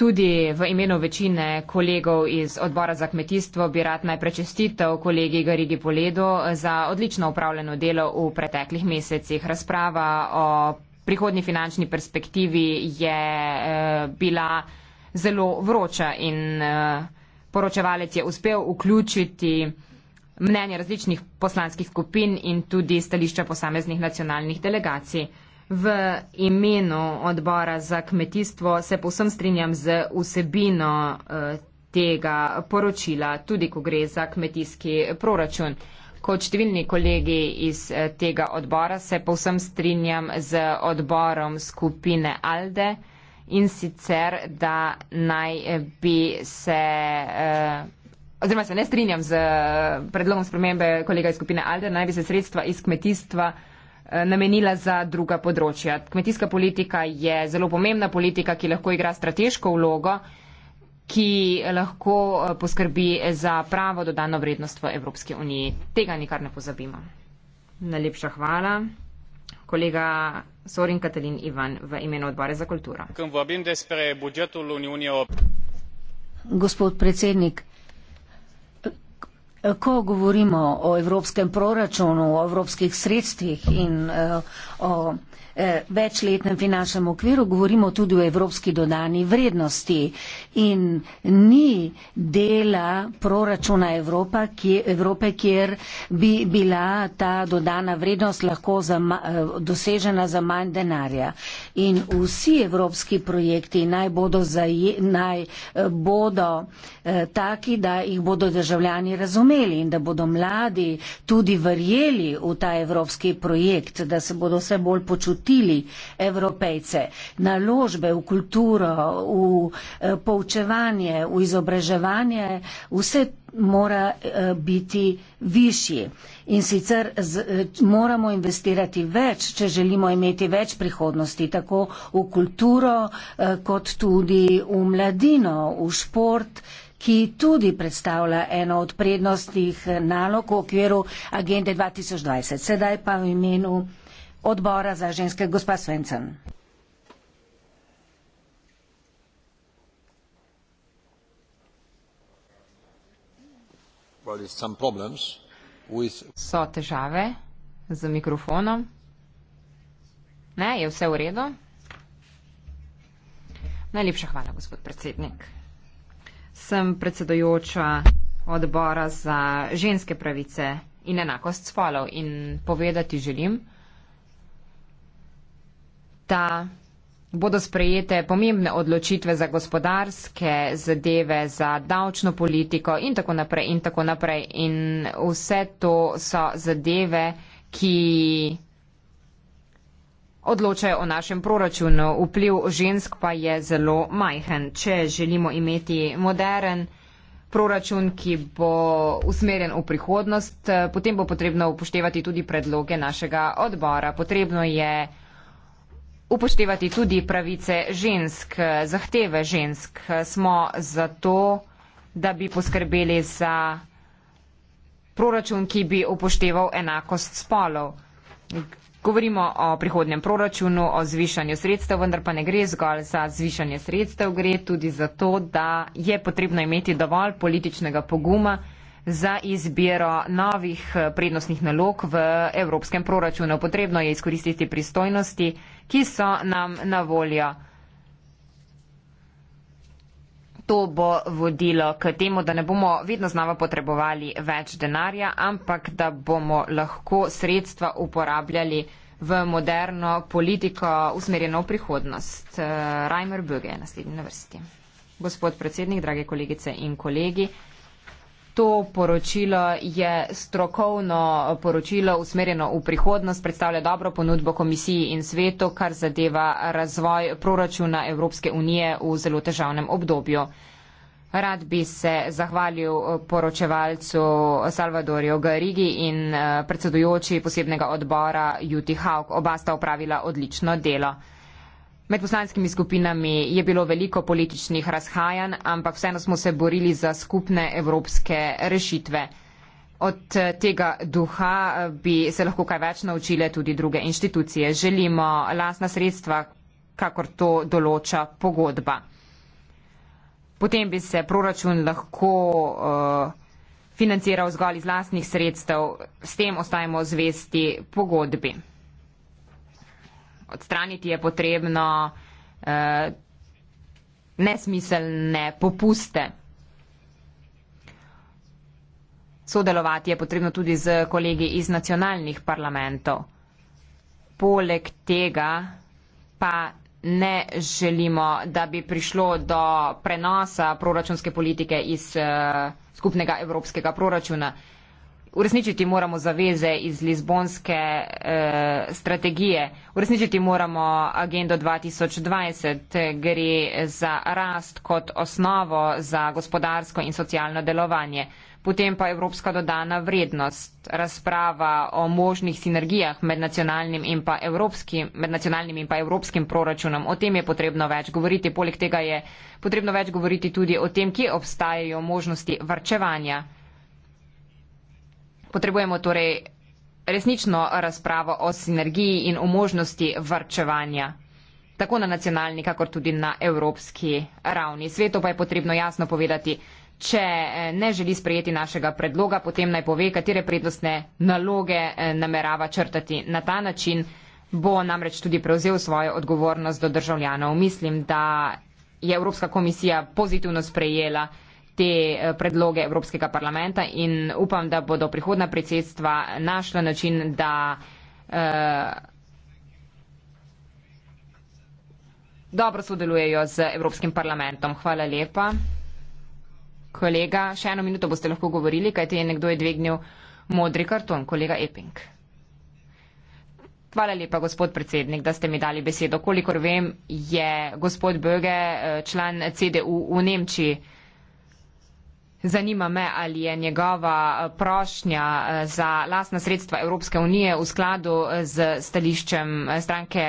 Tudi v imenu večine kolegov iz odbora za kmetijstvo bi rad najprej čestitev kolegi Garigi Poledu za odlično upravljeno delo v preteklih mesecih. Razprava o prihodnji finančni perspektivi je eh, bila zelo vroča in eh, poročevalec je uspel vključiti mnenje različnih poslanskih skupin in tudi stališča posameznih nacionalnih delegacij v imenu odbora za kmetijstvo se povsem strinjam z vsebino eh, tega poročila, tudi ko gre za kmetijski proračun. Kot številni kolegi iz eh, tega odbora se povsem strinjam z odborom skupine Alde in sicer, da naj eh, bi se. Oziroma se ne strinjam z predlogom spremembe kolega iz skupine Alde, naj bi se sredstva iz kmetijstva Eh, namenila za druga področja. Kmetijska politika je zelo pomembna politika, ki lahko igra strateško vlogo, ki lahko eh, poskrbi za pravo dodano vrednost v Evropski uniji. Tega nikar ne pozabimo. Najlepša hvala. Kolega Sorin Katalin Ivan v imenu odbora za kulturo. Gospod predsednik, Ko govorimo o evropskem proračunu, o evropskih sredstvih in eh, o Eh, večletnem finančnem okviru govorimo tudi o evropski dodani vrednosti in ni dela proračuna Evropa, ki, Evrope, kjer bi bila ta dodana vrednost lahko za, eh, dosežena za manj denarja. In vsi evropski projekti naj bodo, za, naj eh, bodo eh, taki, da jih bodo državljani razumeli in da bodo mladi tudi verjeli v ta evropski projekt, da se bodo vse bolj počutili motili evropejce, naložbe v kulturo, v eh, poučevanje, v izobraževanje, vse mora eh, biti višji. In sicer z, eh, moramo investirati več, če želimo imeti več prihodnosti, tako v kulturo, kot tudi v mladino, v šport ki tudi predstavlja eno od prednostnih nalog v okviru agende 2020. Sedaj pa v imenu odbora za ženske gospa Svencen. So težave z mikrofonom? Ne, je vse v redu? Najlepša hvala, gospod predsednik. Sem predsedojoča odbora za ženske pravice in enakost spolov in povedati želim, da bodo sprejete pomembne odločitve za gospodarske zadeve, za davčno politiko in tako naprej in tako naprej. In vse to so zadeve, ki odločajo o našem proračunu. Vpliv žensk pa je zelo majhen. Če želimo imeti modern proračun, ki bo usmerjen v prihodnost, potem bo potrebno upoštevati tudi predloge našega odbora. Potrebno je upoštevati tudi pravice žensk, zahteve žensk. Smo zato, da bi poskrbeli za proračun, ki bi upošteval enakost spolov. Govorimo o prihodnem proračunu, o zvišanju sredstev, vendar pa ne gre zgolj za zvišanje sredstev, gre tudi za to, da je potrebno imeti dovolj političnega poguma, za izbiro novih eh, prednostnih nalog v evropskem proračunu. Potrebno je izkoristiti pristojnosti, ki so nam na voljo. To bo vodilo k temu, da ne bomo vedno znova potrebovali več denarja, ampak da bomo lahko sredstva uporabljali v moderno politiko usmerjeno v prihodnost. Eh, Reimer Böge je naslednji na vrsti. Gospod predsednik, drage kolegice in kolegi. To poročilo je strokovno poročilo usmerjeno v prihodnost, predstavlja dobro ponudbo komisiji in svetu, kar zadeva razvoj proračuna Evropske unije v zelo težavnem obdobju. Rad bi se zahvalil poročevalcu Salvadorju Garigi in eh, predsedujoči posebnega odbora Juti Hauk. Oba sta opravila odlično delo. Med poslanskimi skupinami je bilo veliko političnih razhajanj, ampak vseeno smo se borili za skupne evropske rešitve. Od eh, tega duha eh, bi se lahko kaj več naučile tudi druge inštitucije. Želimo lasna sredstva, kakor to določa pogodba. Potem bi se proračun lahko uh, financiral zgolj iz lastnih sredstev, s tem ostajamo zvesti pogodbi odstraniti je potrebno eh, nesmiselne popuste. Sodelovati je potrebno tudi z kolegi iz nacionalnih parlamentov. Poleg tega pa ne želimo, da bi prišlo do prenosa proračunske politike iz eh, skupnega evropskega proračuna uresničiti moramo zaveze iz Lizbonske eh, strategije, uresničiti moramo agendo 2020, gre za rast kot osnovo za gospodarsko in socialno delovanje. Potem pa evropska dodana vrednost, razprava o možnih sinergijah med nacionalnim in pa evropskim, med nacionalnim in pa evropskim proračunom. O tem je potrebno več govoriti. Poleg tega je potrebno več govoriti tudi o tem, kje obstajajo možnosti varčevanja. Potrebujemo torej resnično razpravo o sinergiji in o možnosti vrčevanja tako na nacionalni, kakor tudi na evropski ravni. Sveto pa je potrebno jasno povedati, če eh, ne želi sprejeti našega predloga, potem naj pove, katere prednostne naloge eh, namerava črtati. Na ta način bo namreč tudi prevzel svojo odgovornost do državljanov. Mislim, da je Evropska komisija pozitivno sprejela te eh, predloge Evropskega parlamenta in upam, da bodo prihodna predsedstva našla način, da eh, dobro sodelujejo z Evropskim parlamentom. Hvala lepa. Kolega, še eno minuto boste lahko govorili, kajte je nekdo je dvignil modri karton, kolega Epping. Hvala lepa, gospod predsednik, da ste mi dali besedo. Kolikor vem, je gospod Böge eh, član CDU v Nemčiji. Zanima me, ali je njegova eh, prošnja eh, za lastna sredstva Evropske unije v skladu eh, z stališčem stranke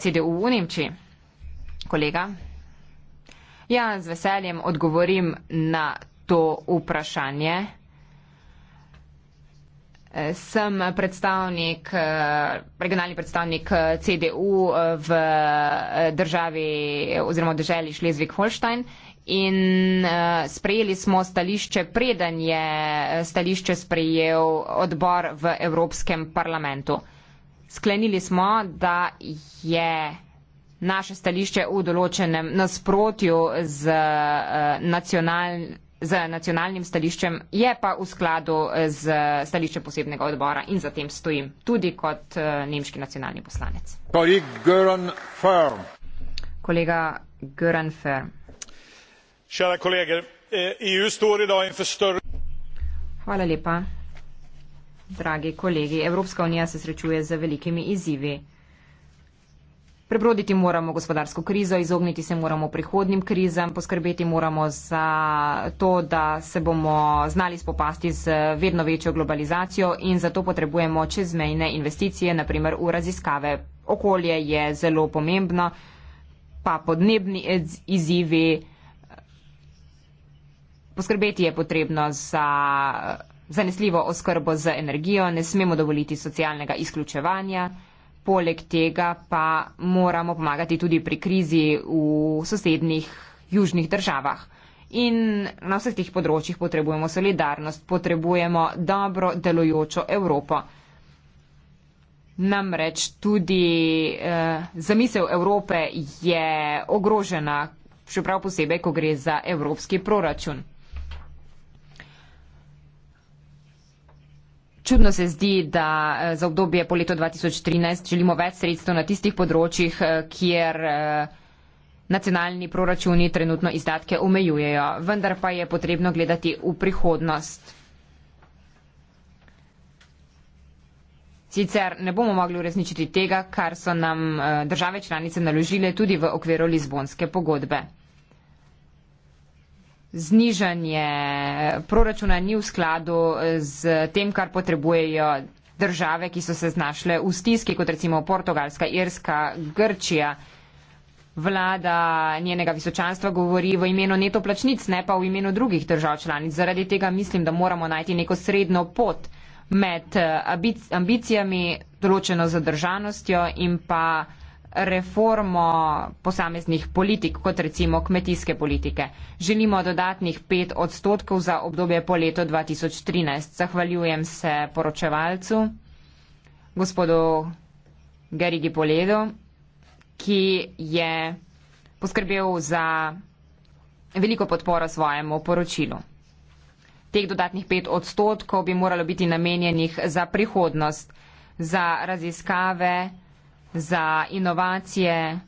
CDU v Nemčiji. Kolega? Ja, z veseljem odgovorim na to vprašanje. Sem predstavnik, regionalni predstavnik CDU v državi oziroma v državi Šlezvik-Holstein in uh, sprejeli smo stališče, preden je eh, stališče sprejel odbor v Evropskem parlamentu. Sklenili smo, da je naše stališče v določenem nasprotju z, uh, nacional, z nacionalnim stališčem, je pa v skladu z stališče posebnega odbora in za tem stojim tudi kot uh, nemški nacionalni poslanec. Kolega Göran Ferm. Eh, e Hvala lepa. Dragi kolegi, Evropska unija se srečuje z velikimi izzivi. Prebroditi moramo gospodarsko krizo, izogniti se moramo prihodnim krizam, poskrbeti moramo za to, da se bomo znali spopasti z vedno večjo globalizacijo in zato potrebujemo čezmejne investicije, naprimer v raziskave. Okolje je zelo pomembno, pa podnebni izzivi. Iz iz iz iz iz iz iz iz iz Poskrbeti je potrebno za zanesljivo oskrbo z energijo, ne smemo dovoliti socialnega izključevanja. Poleg tega pa moramo pomagati tudi pri krizi v sosednjih južnih državah. In na vseh teh področjih potrebujemo solidarnost, potrebujemo dobro delujočo Evropo. Namreč tudi eh, zamisel Evrope je ogrožena, še prav posebej, ko gre za evropski proračun. Čudno se zdi, da eh, za obdobje po letu 2013 želimo več sredstev na tistih področjih, eh, kjer eh, nacionalni proračuni trenutno izdatke omejujejo, vendar pa je potrebno gledati v prihodnost. Sicer ne bomo mogli uresničiti tega, kar so nam države članice naložile tudi v okviru Lizbonske pogodbe znižanje proračuna ni v skladu z tem, kar potrebujejo države, ki so se znašle v stiski, kot recimo Portugalska, Irska, Grčija. Vlada njenega visočanstva govori v imenu neto plačnic, ne pa v imenu drugih držav članic. Zaradi tega mislim, da moramo najti neko sredno pot med eh, ambicijami, določeno zadržanostjo in pa reformo posameznih politik, kot recimo kmetijske politike. Želimo dodatnih 5 odstotkov za obdobje po leto 2013. Zahvaljujem se poročevalcu, gospodu Gerigi Poledo, ki je poskrbel za veliko podporo svojemu poročilu. Teh dodatnih 5 odstotkov bi moralo biti namenjenih za prihodnost, za raziskave, za inovacije,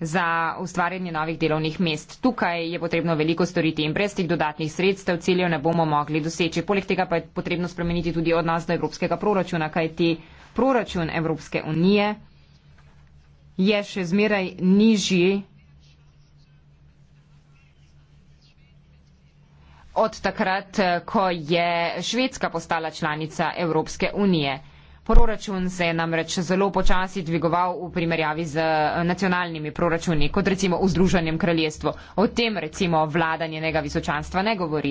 za ustvarjanje novih delovnih mest. Tukaj je potrebno veliko storiti in brez teh dodatnih sredstev ciljev ne bomo mogli doseči. Poleg tega pa je potrebno spremeniti tudi odnos do evropskega proračuna, kajti proračun Evropske unije je še zmeraj nižji od takrat, ko je Švedska postala članica Evropske unije. Proračun se je namreč zelo počasi dvigoval v primerjavi z eh, nacionalnimi proračuni, kot recimo v Združenem kraljestvu. O tem recimo vladanje njenega visočanstva ne govori.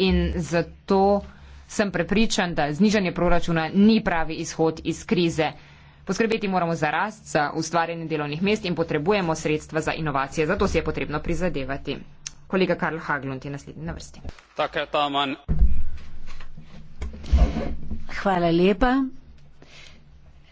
In zato sem prepričan, da znižanje proračuna ni pravi izhod iz krize. Poskrbeti moramo za rast, za ustvarjanje delovnih mest in potrebujemo sredstva za inovacije. Zato si je potrebno prizadevati. Kolega Karl Haglund je naslednji na vrsti. Tako je ta manj. Hvala lepa.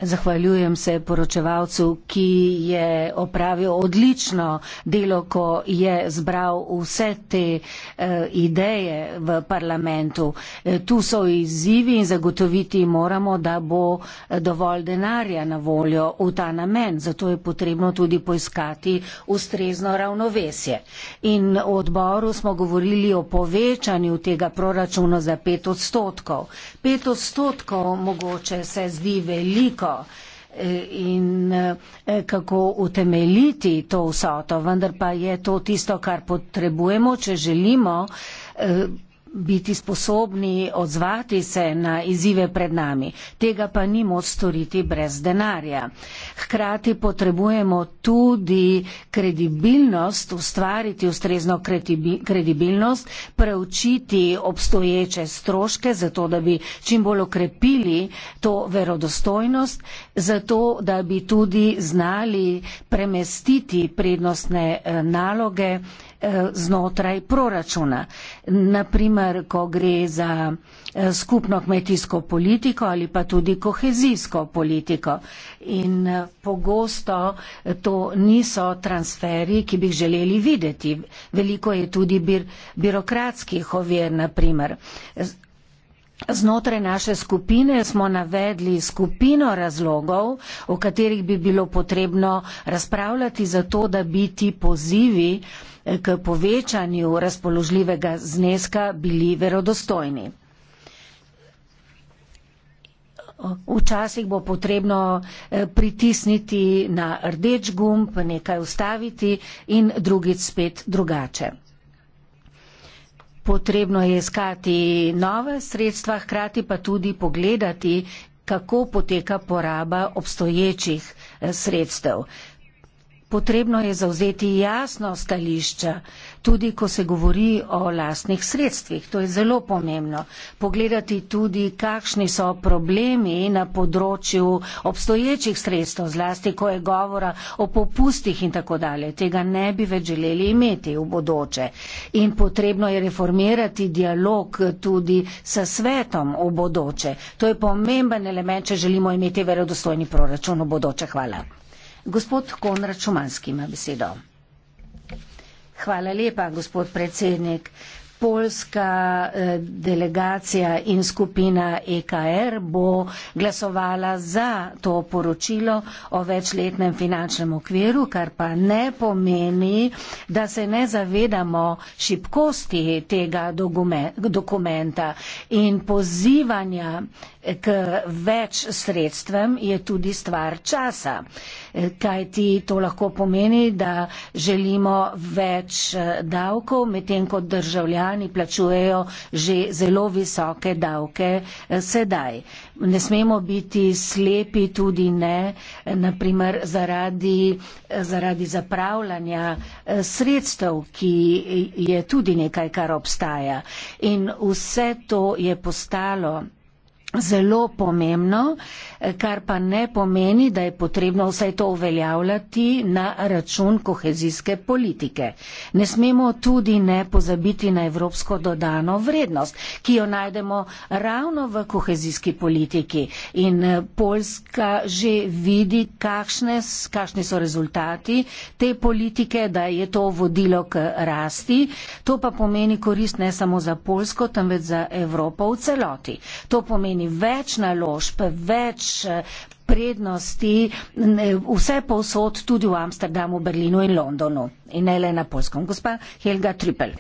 Zahvaljujem se poročevalcu, ki je opravil odlično delo, ko je zbral vse te uh, ideje v parlamentu. Uh, tu so izzivi in zagotoviti moramo, da bo eh, dovolj denarja na voljo v ta namen. Zato je potrebno tudi poiskati ustrezno ravnovesje. In v odboru smo govorili o povečanju tega proračuna za pet odstotkov. Pet odstotkov mogoče se zdi veliko veliko e, in e, kako utemeliti to vsoto, vendar pa je to tisto, kar potrebujemo, če želimo e, biti sposobni odzvati se na izzive pred nami. Tega pa ni moč storiti brez denarja. Hkrati potrebujemo tudi kredibilnost, ustvariti ustrezno kredibilnost, preučiti obstoječe stroške, zato da bi čim bolj okrepili to verodostojnost, zato da bi tudi znali premestiti prednostne eh, naloge Eh, znotraj proračuna. Naprimer, ko gre za eh, skupno kmetijsko politiko ali pa tudi kohezijsko politiko. In eh, pogosto to niso transferi, ki bi želeli videti. Veliko je tudi bir, birokratskih ovir, naprimer. Znotraj naše skupine smo navedli skupino razlogov, o katerih bi bilo potrebno razpravljati, zato da bi ti pozivi eh, k povečanju razpoložljivega zneska bili verodostojni. Včasih bo potrebno eh, pritisniti na rdeč gumb, nekaj ustaviti in drugič spet drugače. Potrebno je iskati nove sredstva, hkrati pa tudi pogledati, kako poteka poraba obstoječih eh, sredstev potrebno je zauzeti jasno stališča, tudi ko se govori o lastnih sredstvih. To je zelo pomembno. Pogledati tudi, kakšni so problemi na področju obstoječih sredstev, zlasti, ko je govora o popustih in tako dalje. Tega ne bi več želeli imeti v bodoče. In potrebno je reformirati dialog tudi s svetom v bodoče. To je pomemben element, če želimo imeti verodostojni proračun v bodoče. Hvala. Gospod Konrad Šumanski ima besedo. Hvala lepa, gospod predsednik. Polska eh, delegacija in skupina EKR bo glasovala za to poročilo o večletnem finančnem okviru, kar pa ne pomeni, da se ne zavedamo šibkosti tega dokumenta in pozivanja k več sredstvem je tudi stvar časa. Kaj ti to lahko pomeni, da želimo več eh, davkov, medtem ko državljani plačujejo že zelo visoke davke eh, sedaj. Ne smemo biti slepi tudi ne, naprimer zaradi, eh, zaradi zapravljanja sredstev, ki je tudi nekaj, kar obstaja. In vse to je postalo zelo pomembno, kar pa ne pomeni, da je potrebno vse to uveljavljati na račun kohezijske politike. Ne smemo tudi ne pozabiti na evropsko dodano vrednost, ki jo najdemo ravno v kohezijski politiki. In eh, Poljska že vidi, kakšne, kakšne so rezultati te politike, da je to vodilo k rasti. To pa pomeni korist ne samo za Poljsko, temveč za Evropo v celoti. To pomeni pomeni več naložb, več eh, prednosti, vse posod, tudi v Amsterdamu, Berlinu in Londonu. In ne le na polskem. Gospa Helga Trippel.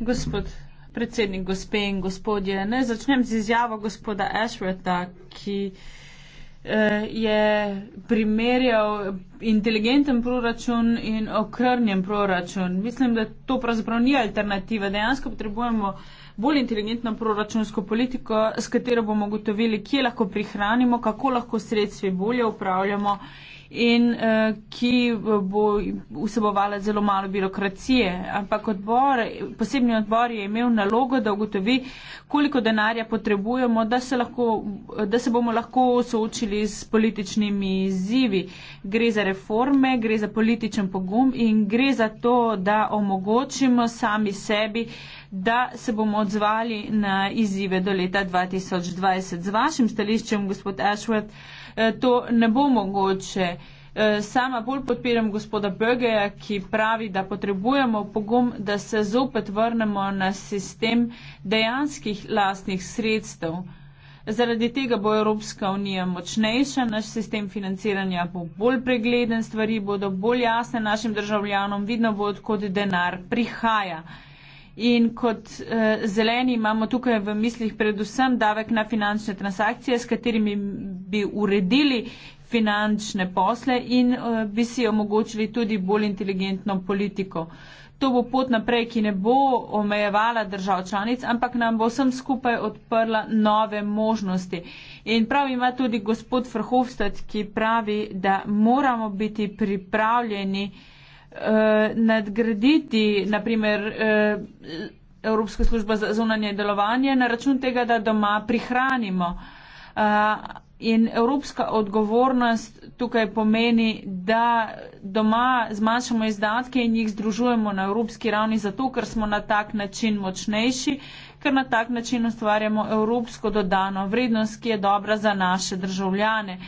Gospod predsednik, gospe in gospodje, ne začnem z izjavo gospoda Ashworta, ki eh, je primerjal inteligenten proračun in okrnjen proračun. Mislim, da to pravzaprav ni alternativa. Dejansko potrebujemo bolj inteligentno proračunsko politiko, s katero bomo gotovili, kje lahko prihranimo, kako lahko sredstvi bolje upravljamo in uh, ki eh, bo vsebovala zelo malo birokracije. Ampak odbor, posebni odbor je imel nalogo, da ugotovi, koliko denarja potrebujemo, da se, lahko, da se bomo lahko soočili s političnimi izzivi. Gre za reforme, gre za političen pogum in gre za to, da omogočimo sami sebi uh, da se bomo odzvali na izzive do leta 2020. Z vašim stališčem, gospod Ashworth, eh, to ne bo mogoče. Eh, sama bolj podpiram gospoda Bögeja, ki pravi, da potrebujemo pogum, da se zopet vrnemo na sistem dejanskih lastnih sredstev. Zaradi tega bo Evropska unija močnejša, naš sistem financiranja bo bolj pregleden, stvari bodo bolj jasne našim državljanom, vidno bo, odkot denar prihaja. In kot uh, zeleni imamo tukaj v mislih predvsem davek na finančne transakcije, s katerimi bi uredili finančne posle in uh, bi si omogočili tudi bolj inteligentno politiko. To bo pot naprej, ki ne bo omejevala držav članic, ampak nam bo vsem skupaj odprla nove možnosti. In prav ima tudi gospod Frhovstad, ki pravi, da moramo biti pripravljeni uh, Eh, nadgraditi, naprimer, eh, Evropsko službo za zunanje delovanje na račun tega, da doma prihranimo. Eh, in evropska odgovornost tukaj pomeni, da doma zmanjšamo izdatke in jih združujemo na evropski ravni zato, ker smo na tak način močnejši, ker na tak način ustvarjamo evropsko dodano vrednost, ki je dobra za naše državljane. Uh,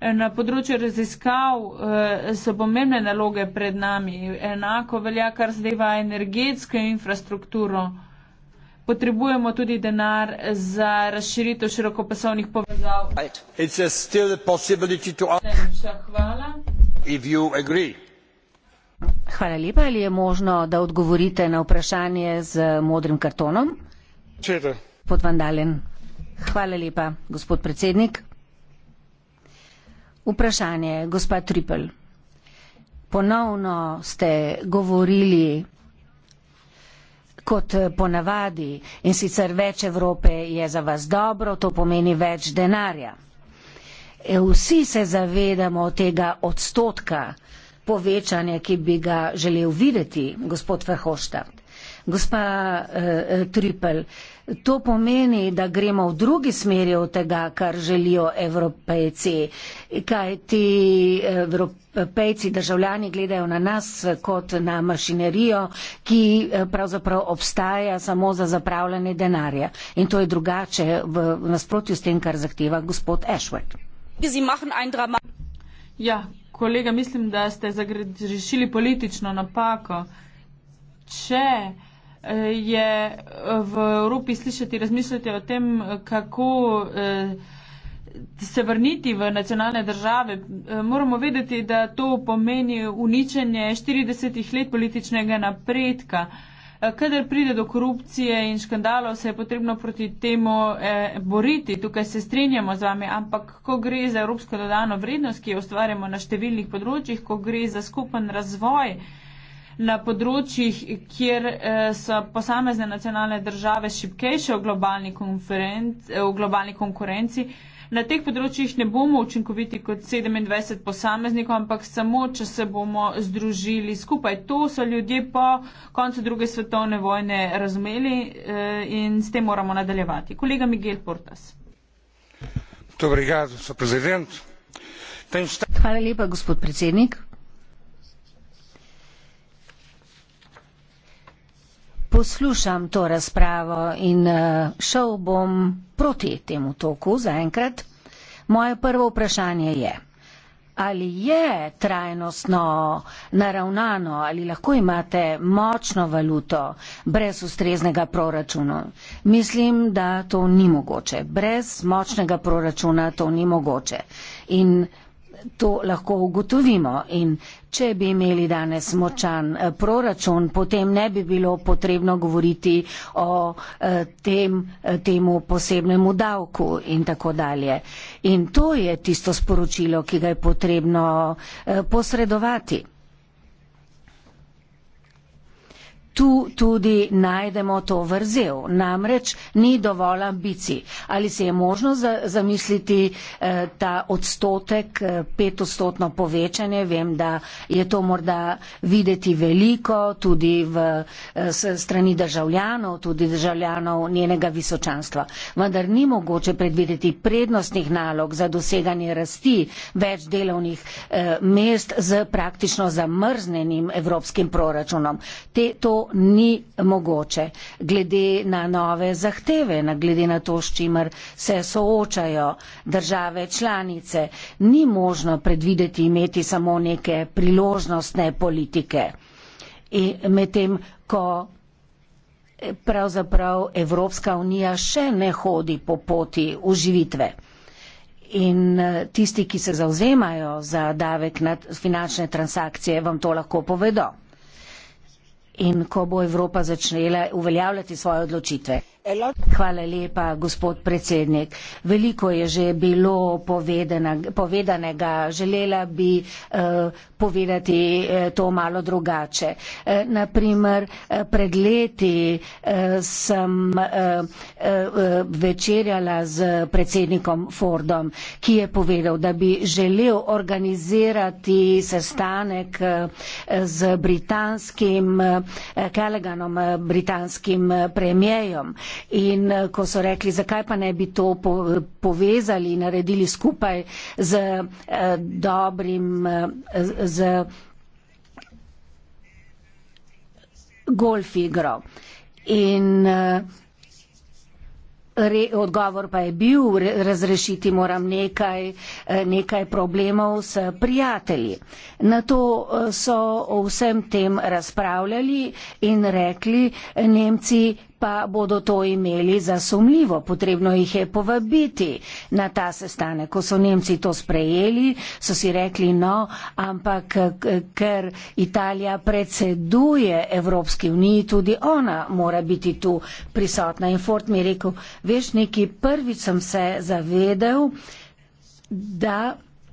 Na področju raziskav eh, so pomembne naloge pred nami. Enako velja, kar zdajva energetsko infrastrukturo. Potrebujemo tudi denar za razširitev širokopasovnih povezav. Hvala. Hvala lepa. Ali je možno, da odgovorite na vprašanje z modrim kartonom? Četa. Pod vandalen. Hvala lepa, gospod predsednik. Vprašanje, gospa Tripel. Ponovno ste govorili kot ponavadi in sicer več Evrope je za vas dobro, to pomeni več denarja. E, vsi se zavedamo tega odstotka povečanja, ki bi ga želel videti, gospod Verhošta. Gospa eh, eh Tripel, eh, To pomeni, da gremo v drugi smeri od tega, kar želijo evropejci, kaj ti eh, evropejci državljani gledajo na nas kot na mašinerijo, ki eh, pravzaprav obstaja samo za zapravljanje denarja. In to je drugače v nasprotju s tem, kar zahteva gospod Ashwood. Ja, kolega, mislim, da ste zagrešili politično napako. Če je eh, v Evropi slišati, razmišljati o tem, kako eh, se vrniti v nacionalne države. Eh, moramo vedeti, da to pomeni uničenje 40 let političnega napredka. Kadar pride do korupcije in škandalov, se je potrebno proti temu boriti. Tukaj se strinjamo z vami, ampak ko gre za evropsko dodano vrednost, ki jo ustvarjamo na številnih področjih, ko gre za skupen razvoj, na področjih, kjer eh, so posamezne nacionalne države šipkejše v globalni, eh, v globalni konkurenci. Na teh področjih ne bomo učinkoviti kot 27 posameznikov, ampak samo, če se bomo združili skupaj. To so ljudje po koncu druge svetovne vojne razumeli eh, in s tem moramo nadaljevati. Kolega Miguel Portas. Dobrigado, Hvala lepa, gospod predsednik. poslušam to razpravo in eh, šel bom proti temu toku zaenkrat. Moje prvo vprašanje je, ali je trajnostno naravnano, ali lahko imate močno valuto brez ustreznega proračuna? Mislim, da to ni mogoče. Brez močnega proračuna to ni mogoče. In to lahko ugotovimo. In Če bi imeli danes močan eh, proračun, potem ne bi bilo potrebno govoriti o eh, tem, eh, temu posebnemu davku in tako dalje. In to je tisto sporočilo, ki ga je potrebno posredovati. Tu tudi najdemo to vrzel, namreč ni dovolj ambicij. Ali se je možno za, zamisliti eh, ta odstotek, eh, petostotno povečanje, vem, da je to morda videti veliko tudi v eh, strani državljanov, tudi državljanov njenega visočanstva. Vendar ni mogoče predvideti prednostnih nalog za doseganje rasti več delovnih eh, mest z praktično zamrznenim evropskim proračunom. Te, to ni mogoče. Glede na nove zahteve, na glede na to, s čimer se soočajo države članice, ni možno predvideti imeti samo neke priložnostne politike. Medtem, ko pravzaprav Evropska unija še ne hodi po poti uživitve. In eh, tisti, ki se zauzemajo za davek na finančne transakcije, vam to lahko povedo in ko bo Evropa začela uveljavljati svoje odločitve. Hvala lepa, gospod predsednik. Veliko je že bilo povedanega. Želela bi eh, povedati eh, to malo drugače. Eh, Naprimer, pred leti sem večerjala z predsednikom Fordom, ki je povedal, da bi želel organizirati sestanek z britanskim Kelleganom, britanskim premijejem, In eh, ko so rekli, zakaj pa ne bi to povezali in naredili skupaj z eh, dobrim, eh, z golf igro. In re, odgovor pa je bil, re, razrešiti moram nekaj, nekaj problemov s prijatelji. Na to so o vsem tem razpravljali in rekli, Nemci pa bodo to imeli za sumljivo. Potrebno jih je povabiti na ta sestanek. Ko so Nemci to sprejeli, so si rekli, no, ampak ker Italija predseduje Evropski uniji, tudi ona mora biti tu prisotna. In Ford mi je rekel, veš neki, prvič sem se zavedel, da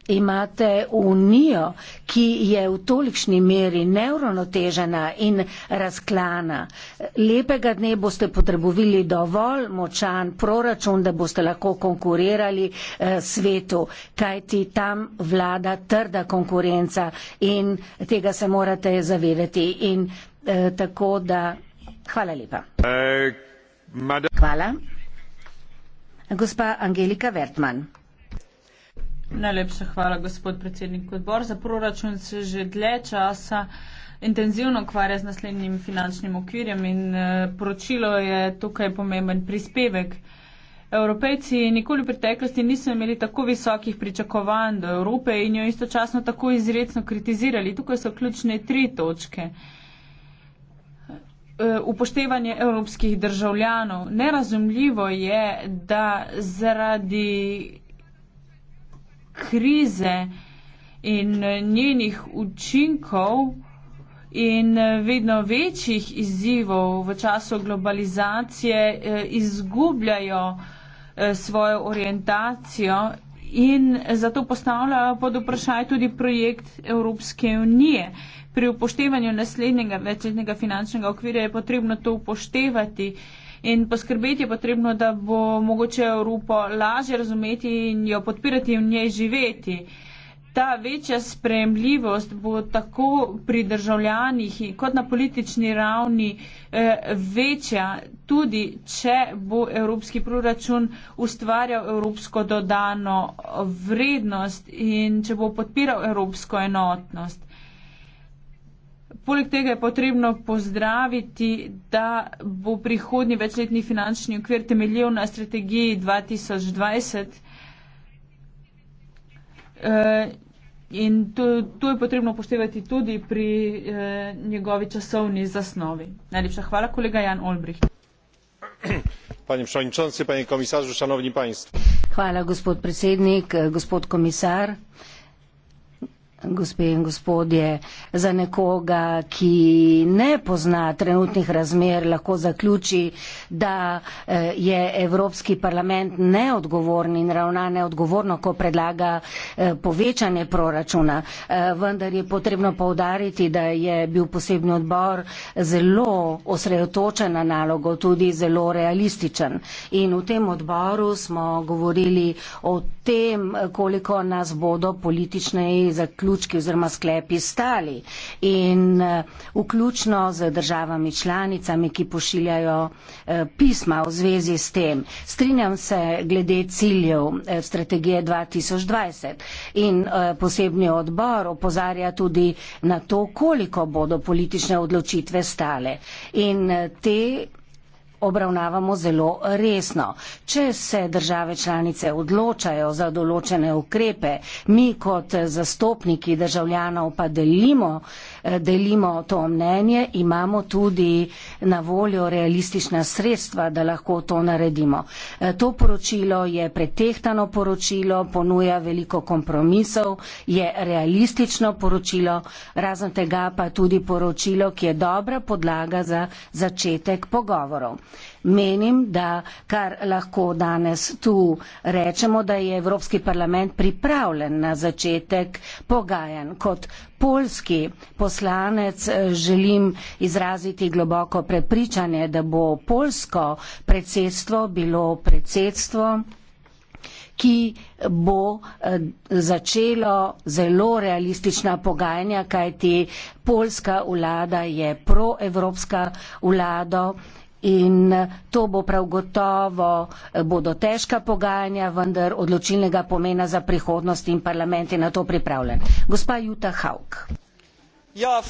imate unijo, ki je v tolikšni meri neuronotežena in razklana. Lepega dne boste potrebovali dovolj močan proračun, da boste lahko konkurirali eh, svetu, kajti tam vlada trda konkurenca in tega se morate zavedati. In, eh, tako da, hvala lepa. Eh, hvala. Gospa Angelika Vertman. Najlepša hvala, gospod predsednik. Odbor za proračun se že dlje časa intenzivno ukvarja z naslednjim finančnim okvirjem in eh, poročilo je tukaj pomemben prispevek. Evropejci nikoli v preteklosti niso imeli tako visokih pričakovanj do Evrope in jo istočasno tako izredno kritizirali. Tukaj so ključne tri točke. Eh, upoštevanje evropskih državljanov. Nerazumljivo je, da zaradi krize in eh, njenih učinkov in eh, vedno večjih izzivov v času globalizacije eh, izgubljajo svojo orientacijo in zato postavljajo pod vprašaj tudi projekt Evropske unije. Pri upoštevanju naslednjega večletnega finančnega okvirja je potrebno to upoštevati in poskrbeti je potrebno, da bo mogoče Evropo lažje razumeti in jo podpirati in v njej živeti. Ta večja spremljivost bo tako pri državljanih kot na politični ravni eh, večja, tudi če bo evropski proračun ustvarjal evropsko dodano vrednost in če bo podpiral evropsko enotnost. Poleg tega je potrebno pozdraviti, da bo prihodnji večletni finančni okvir temeljil na strategiji 2020 eh, in to, to je potrebno upoštevati tudi pri eh, njegovi časovni zasnovi. Najlepša hvala, kolega Jan Olbricht. Panie przewodniczący, panie komisarzu, szanowni państwo. Hvala, gospod predsednik, gospod komisar. Gospe in gospodje, za nekoga, ki ne pozna trenutnih razmer, lahko zaključi, da eh, je Evropski parlament neodgovorn in ravna neodgovorno, ko predlaga eh, povečanje proračuna. Eh, vendar je potrebno povdariti, da je bil posebni odbor zelo osredotočen na nalogo, tudi zelo realističen. In v tem odboru smo govorili o tem, koliko nas bodo politične zaključke zaključki oziroma sklepi stali in eh, vključno z državami članicami, ki pošiljajo eh, pisma v zvezi s tem. Strinjam se glede ciljev eh, strategije 2020 in posebni odbor opozarja tudi na to, koliko bodo politične odločitve stale. In te obravnavamo zelo resno. Če se države članice odločajo za določene ukrepe, mi kot zastopniki državljanov pa delimo, eh, delimo to mnenje, imamo tudi na voljo realistična sredstva, da lahko to naredimo. Eh, to poročilo je pretehtano poročilo, ponuja veliko kompromisov, je realistično poročilo, razen tega pa tudi poročilo, ki je dobra podlaga za začetek pogovorov. Menim, da kar lahko danes tu rečemo, da je Evropski parlament pripravljen na začetek pogajanj. Kot polski poslanec eh, želim izraziti globoko prepričanje, da bo polsko predsedstvo bilo predsedstvo ki bo eh, začelo zelo realistična pogajanja, kajti polska vlada je proevropska vlada In eh, to bo prav gotovo, eh, bodo težka pogajanja, vendar odločilnega pomena za prihodnost in parlament je na to pripravljen. Gospa Juta Hauk. Ja,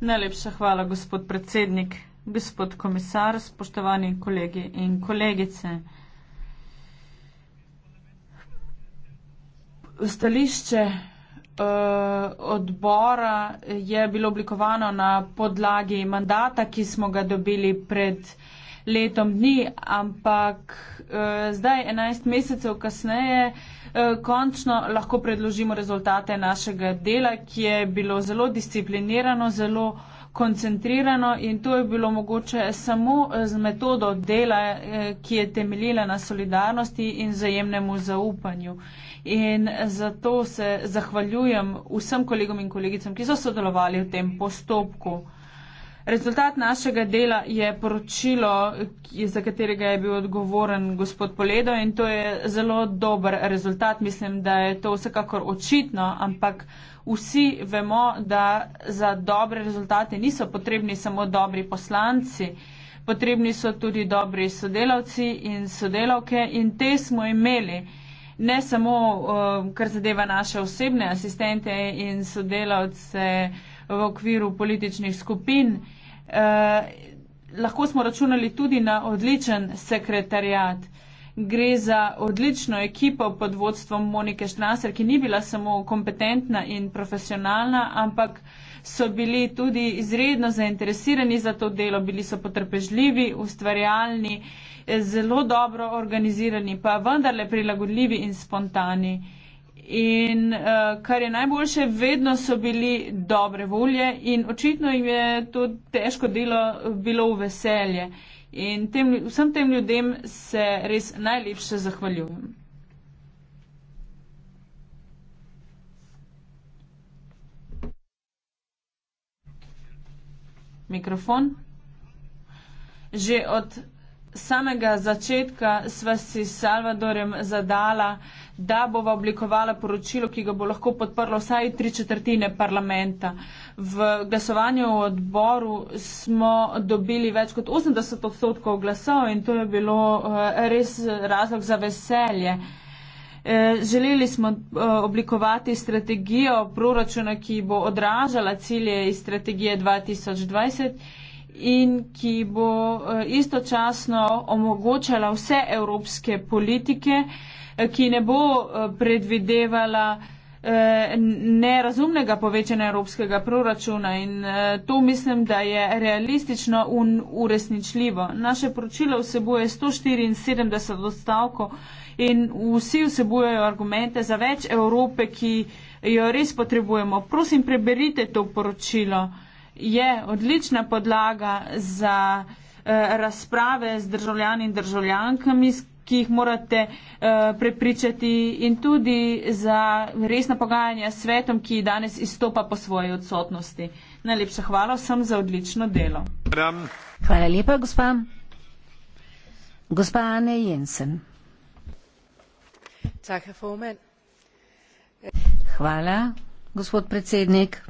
Najlepša hvala, gospod predsednik, gospod komisar, spoštovani kolegi in kolegice. Stališče Eh, odbora je bilo oblikovano na podlagi mandata, ki smo ga dobili pred letom dni, ampak eh, zdaj, 11 mesecev kasneje, eh, končno lahko predložimo rezultate našega dela, ki je bilo zelo disciplinirano, zelo koncentrirano in to je bilo mogoče samo z metodo dela, ki je temeljila na solidarnosti in vzajemnemu zaupanju. In zato se zahvaljujem vsem kolegom in kolegicam, ki so sodelovali v tem postopku. Rezultat našega dela je poročilo, za katerega je bil odgovoren gospod Poledo in to je zelo dober rezultat. Mislim, da je to vsekakor očitno, ampak vsi vemo, da za dobre rezultate niso potrebni samo dobri poslanci, potrebni so tudi dobri sodelavci in sodelavke in te smo imeli ne samo, um, kar zadeva naše osebne asistente in sodelavce v okviru političnih skupin. Uh, lahko smo računali tudi na odličen sekretarjat. Gre za odlično ekipo pod vodstvom Monike Štraser, ki ni bila samo kompetentna in profesionalna, ampak so bili tudi izredno zainteresirani za to delo, bili so potrpežljivi, ustvarjalni. Uh, zelo dobro organizirani, pa vendarle prilagodljivi in spontani. In uh, kar je najboljše, vedno so bili dobre volje in očitno jim je to težko delo bilo v veselje. In tem, vsem tem ljudem se res najlepše zahvaljujem. Mikrofon. Že od samega začetka sva si s Salvadorjem zadala, da bova oblikovala poročilo, ki ga bo lahko podprlo vsaj tri četrtine parlamenta. V glasovanju v odboru smo dobili več kot 80 odstotkov glasov in to je bilo eh, res razlog za veselje. Eh, želeli smo eh, oblikovati strategijo proračuna, ki bo odražala cilje iz strategije 2020 in ki bo eh, istočasno omogočala vse evropske politike, eh, ki ne bo eh, predvidevala nerazumnega povečanja evropskega proračuna in to mislim, da je realistično in uresničljivo. Naše poročilo vsebuje 174 odstavkov in vsi vsebujejo argumente za več Evrope, ki jo res potrebujemo. Prosim, preberite to poročilo je odlična podlaga za eh, razprave z državljani in državljankami, ki jih morate eh, prepričati in tudi za resna pogajanja s svetom, ki danes izstopa po svoji odsotnosti. Najlepša hvala vsem za odlično delo. Hvala lepa, gospa. Gospa Ane Jensen. Hvala, gospod predsednik.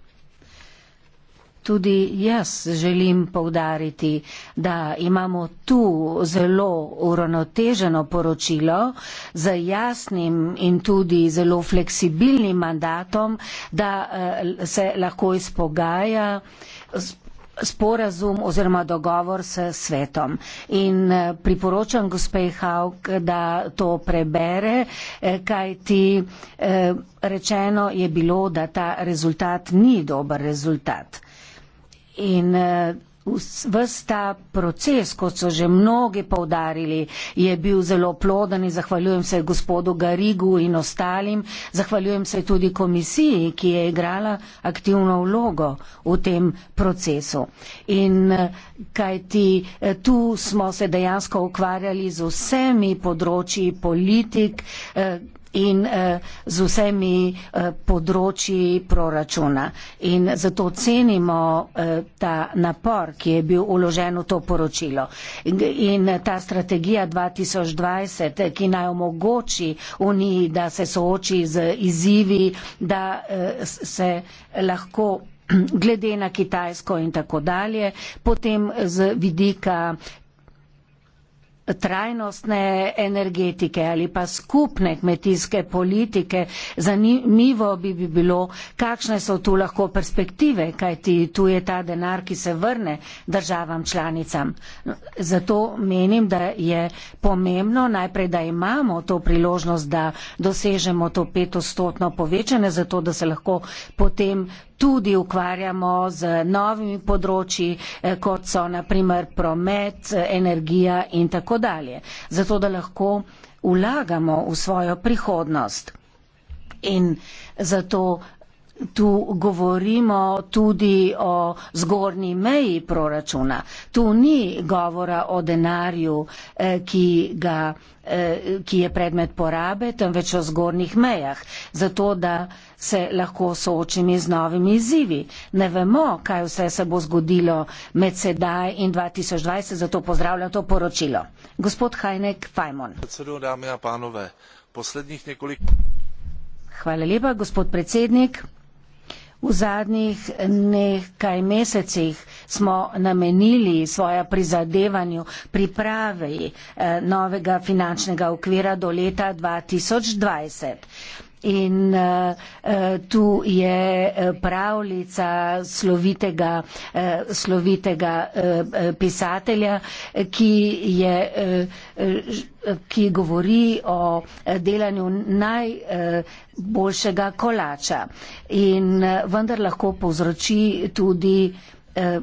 Tudi jaz želim povdariti, da imamo tu zelo uravnoteženo poročilo z jasnim in tudi zelo fleksibilnim mandatom, da eh, se lahko izpogaja sporazum oziroma dogovor s svetom. In eh, priporočam gospe Havk, da to prebere, eh, kaj ti rečeno je bilo, da ta rezultat ni dober rezultat. In eh, vsta proces, kot so že mnogi povdarili, je bil zelo ploden in zahvaljujem se gospodu Garigu in ostalim. Zahvaljujem se tudi komisiji, ki je igrala aktivno vlogo v tem procesu. In eh, kajti eh, tu smo se dejansko ukvarjali z vsemi področji politik, in uh, z vsemi uh, področji proračuna. In zato cenimo uh, ta napor, ki je bil uložen v to poročilo. In, in ta strategija 2020, ki naj omogoči Uniji, da se sooči z izzivi, da uh, se lahko glede na Kitajsko in tako dalje, potem z vidika trajnostne energetike ali pa skupne kmetijske politike. Zanimivo bi, bi bilo, kakšne so tu lahko perspektive, kajti tu je ta denar, ki se vrne državam članicam. Zato menim, da je pomembno najprej, da imamo to priložnost, da dosežemo to petostotno povečanje, zato da se lahko potem tudi ukvarjamo z novimi področji, eh, kot so naprimer promet, energija in tako dalje, zato da lahko vlagamo v svojo prihodnost. In zato Tu govorimo tudi o zgornji meji proračuna. Tu ni govora o denarju, eh, ki, ga, eh, ki je predmet porabe, temveč o zgornjih mejah, zato da se lahko soočimo z novimi izzivi. Ne vemo, kaj vse se bo zgodilo med sedaj in 2020, zato pozdravljam to poročilo. Gospod Hajnek Fajmon. Hvala lepa, gospod predsednik. V zadnjih nekaj mesecih smo namenili svoja prizadevanju pripravi eh, novega finančnega okvira do leta 2020. In uh, tu je eh, pravljica slovitega, uh, slovitega uh, pisatelja, ki, je, uh, ki govori o delanju najboljšega uh, kolača in uh, vendar lahko povzroči tudi uh,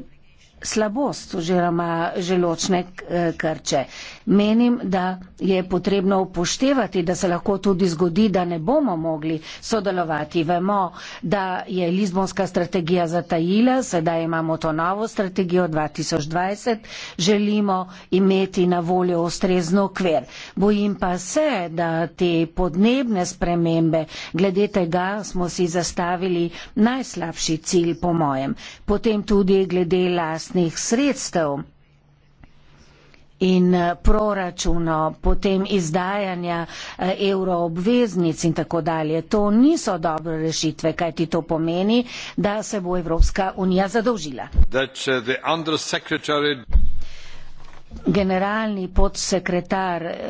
slabost oziroma želočne uh, krče. Uh, Menim, da je potrebno upoštevati, da se lahko tudi zgodi, da ne bomo mogli sodelovati. Vemo, da je Lizbonska strategija zatajila, sedaj imamo to novo strategijo 2020, želimo imeti na voljo ustrezno okvir. Bojim pa se, da te podnebne spremembe, glede tega smo si zastavili najslabši cilj po mojem. Potem tudi glede lastnih sredstev in eh, proračuno, potem izdajanja euroobveznic eh, in tako dalje. To niso dobre rešitve, kaj ti to pomeni, da se bo Evropska unija zadolžila. Uh, Generalni podsekretar.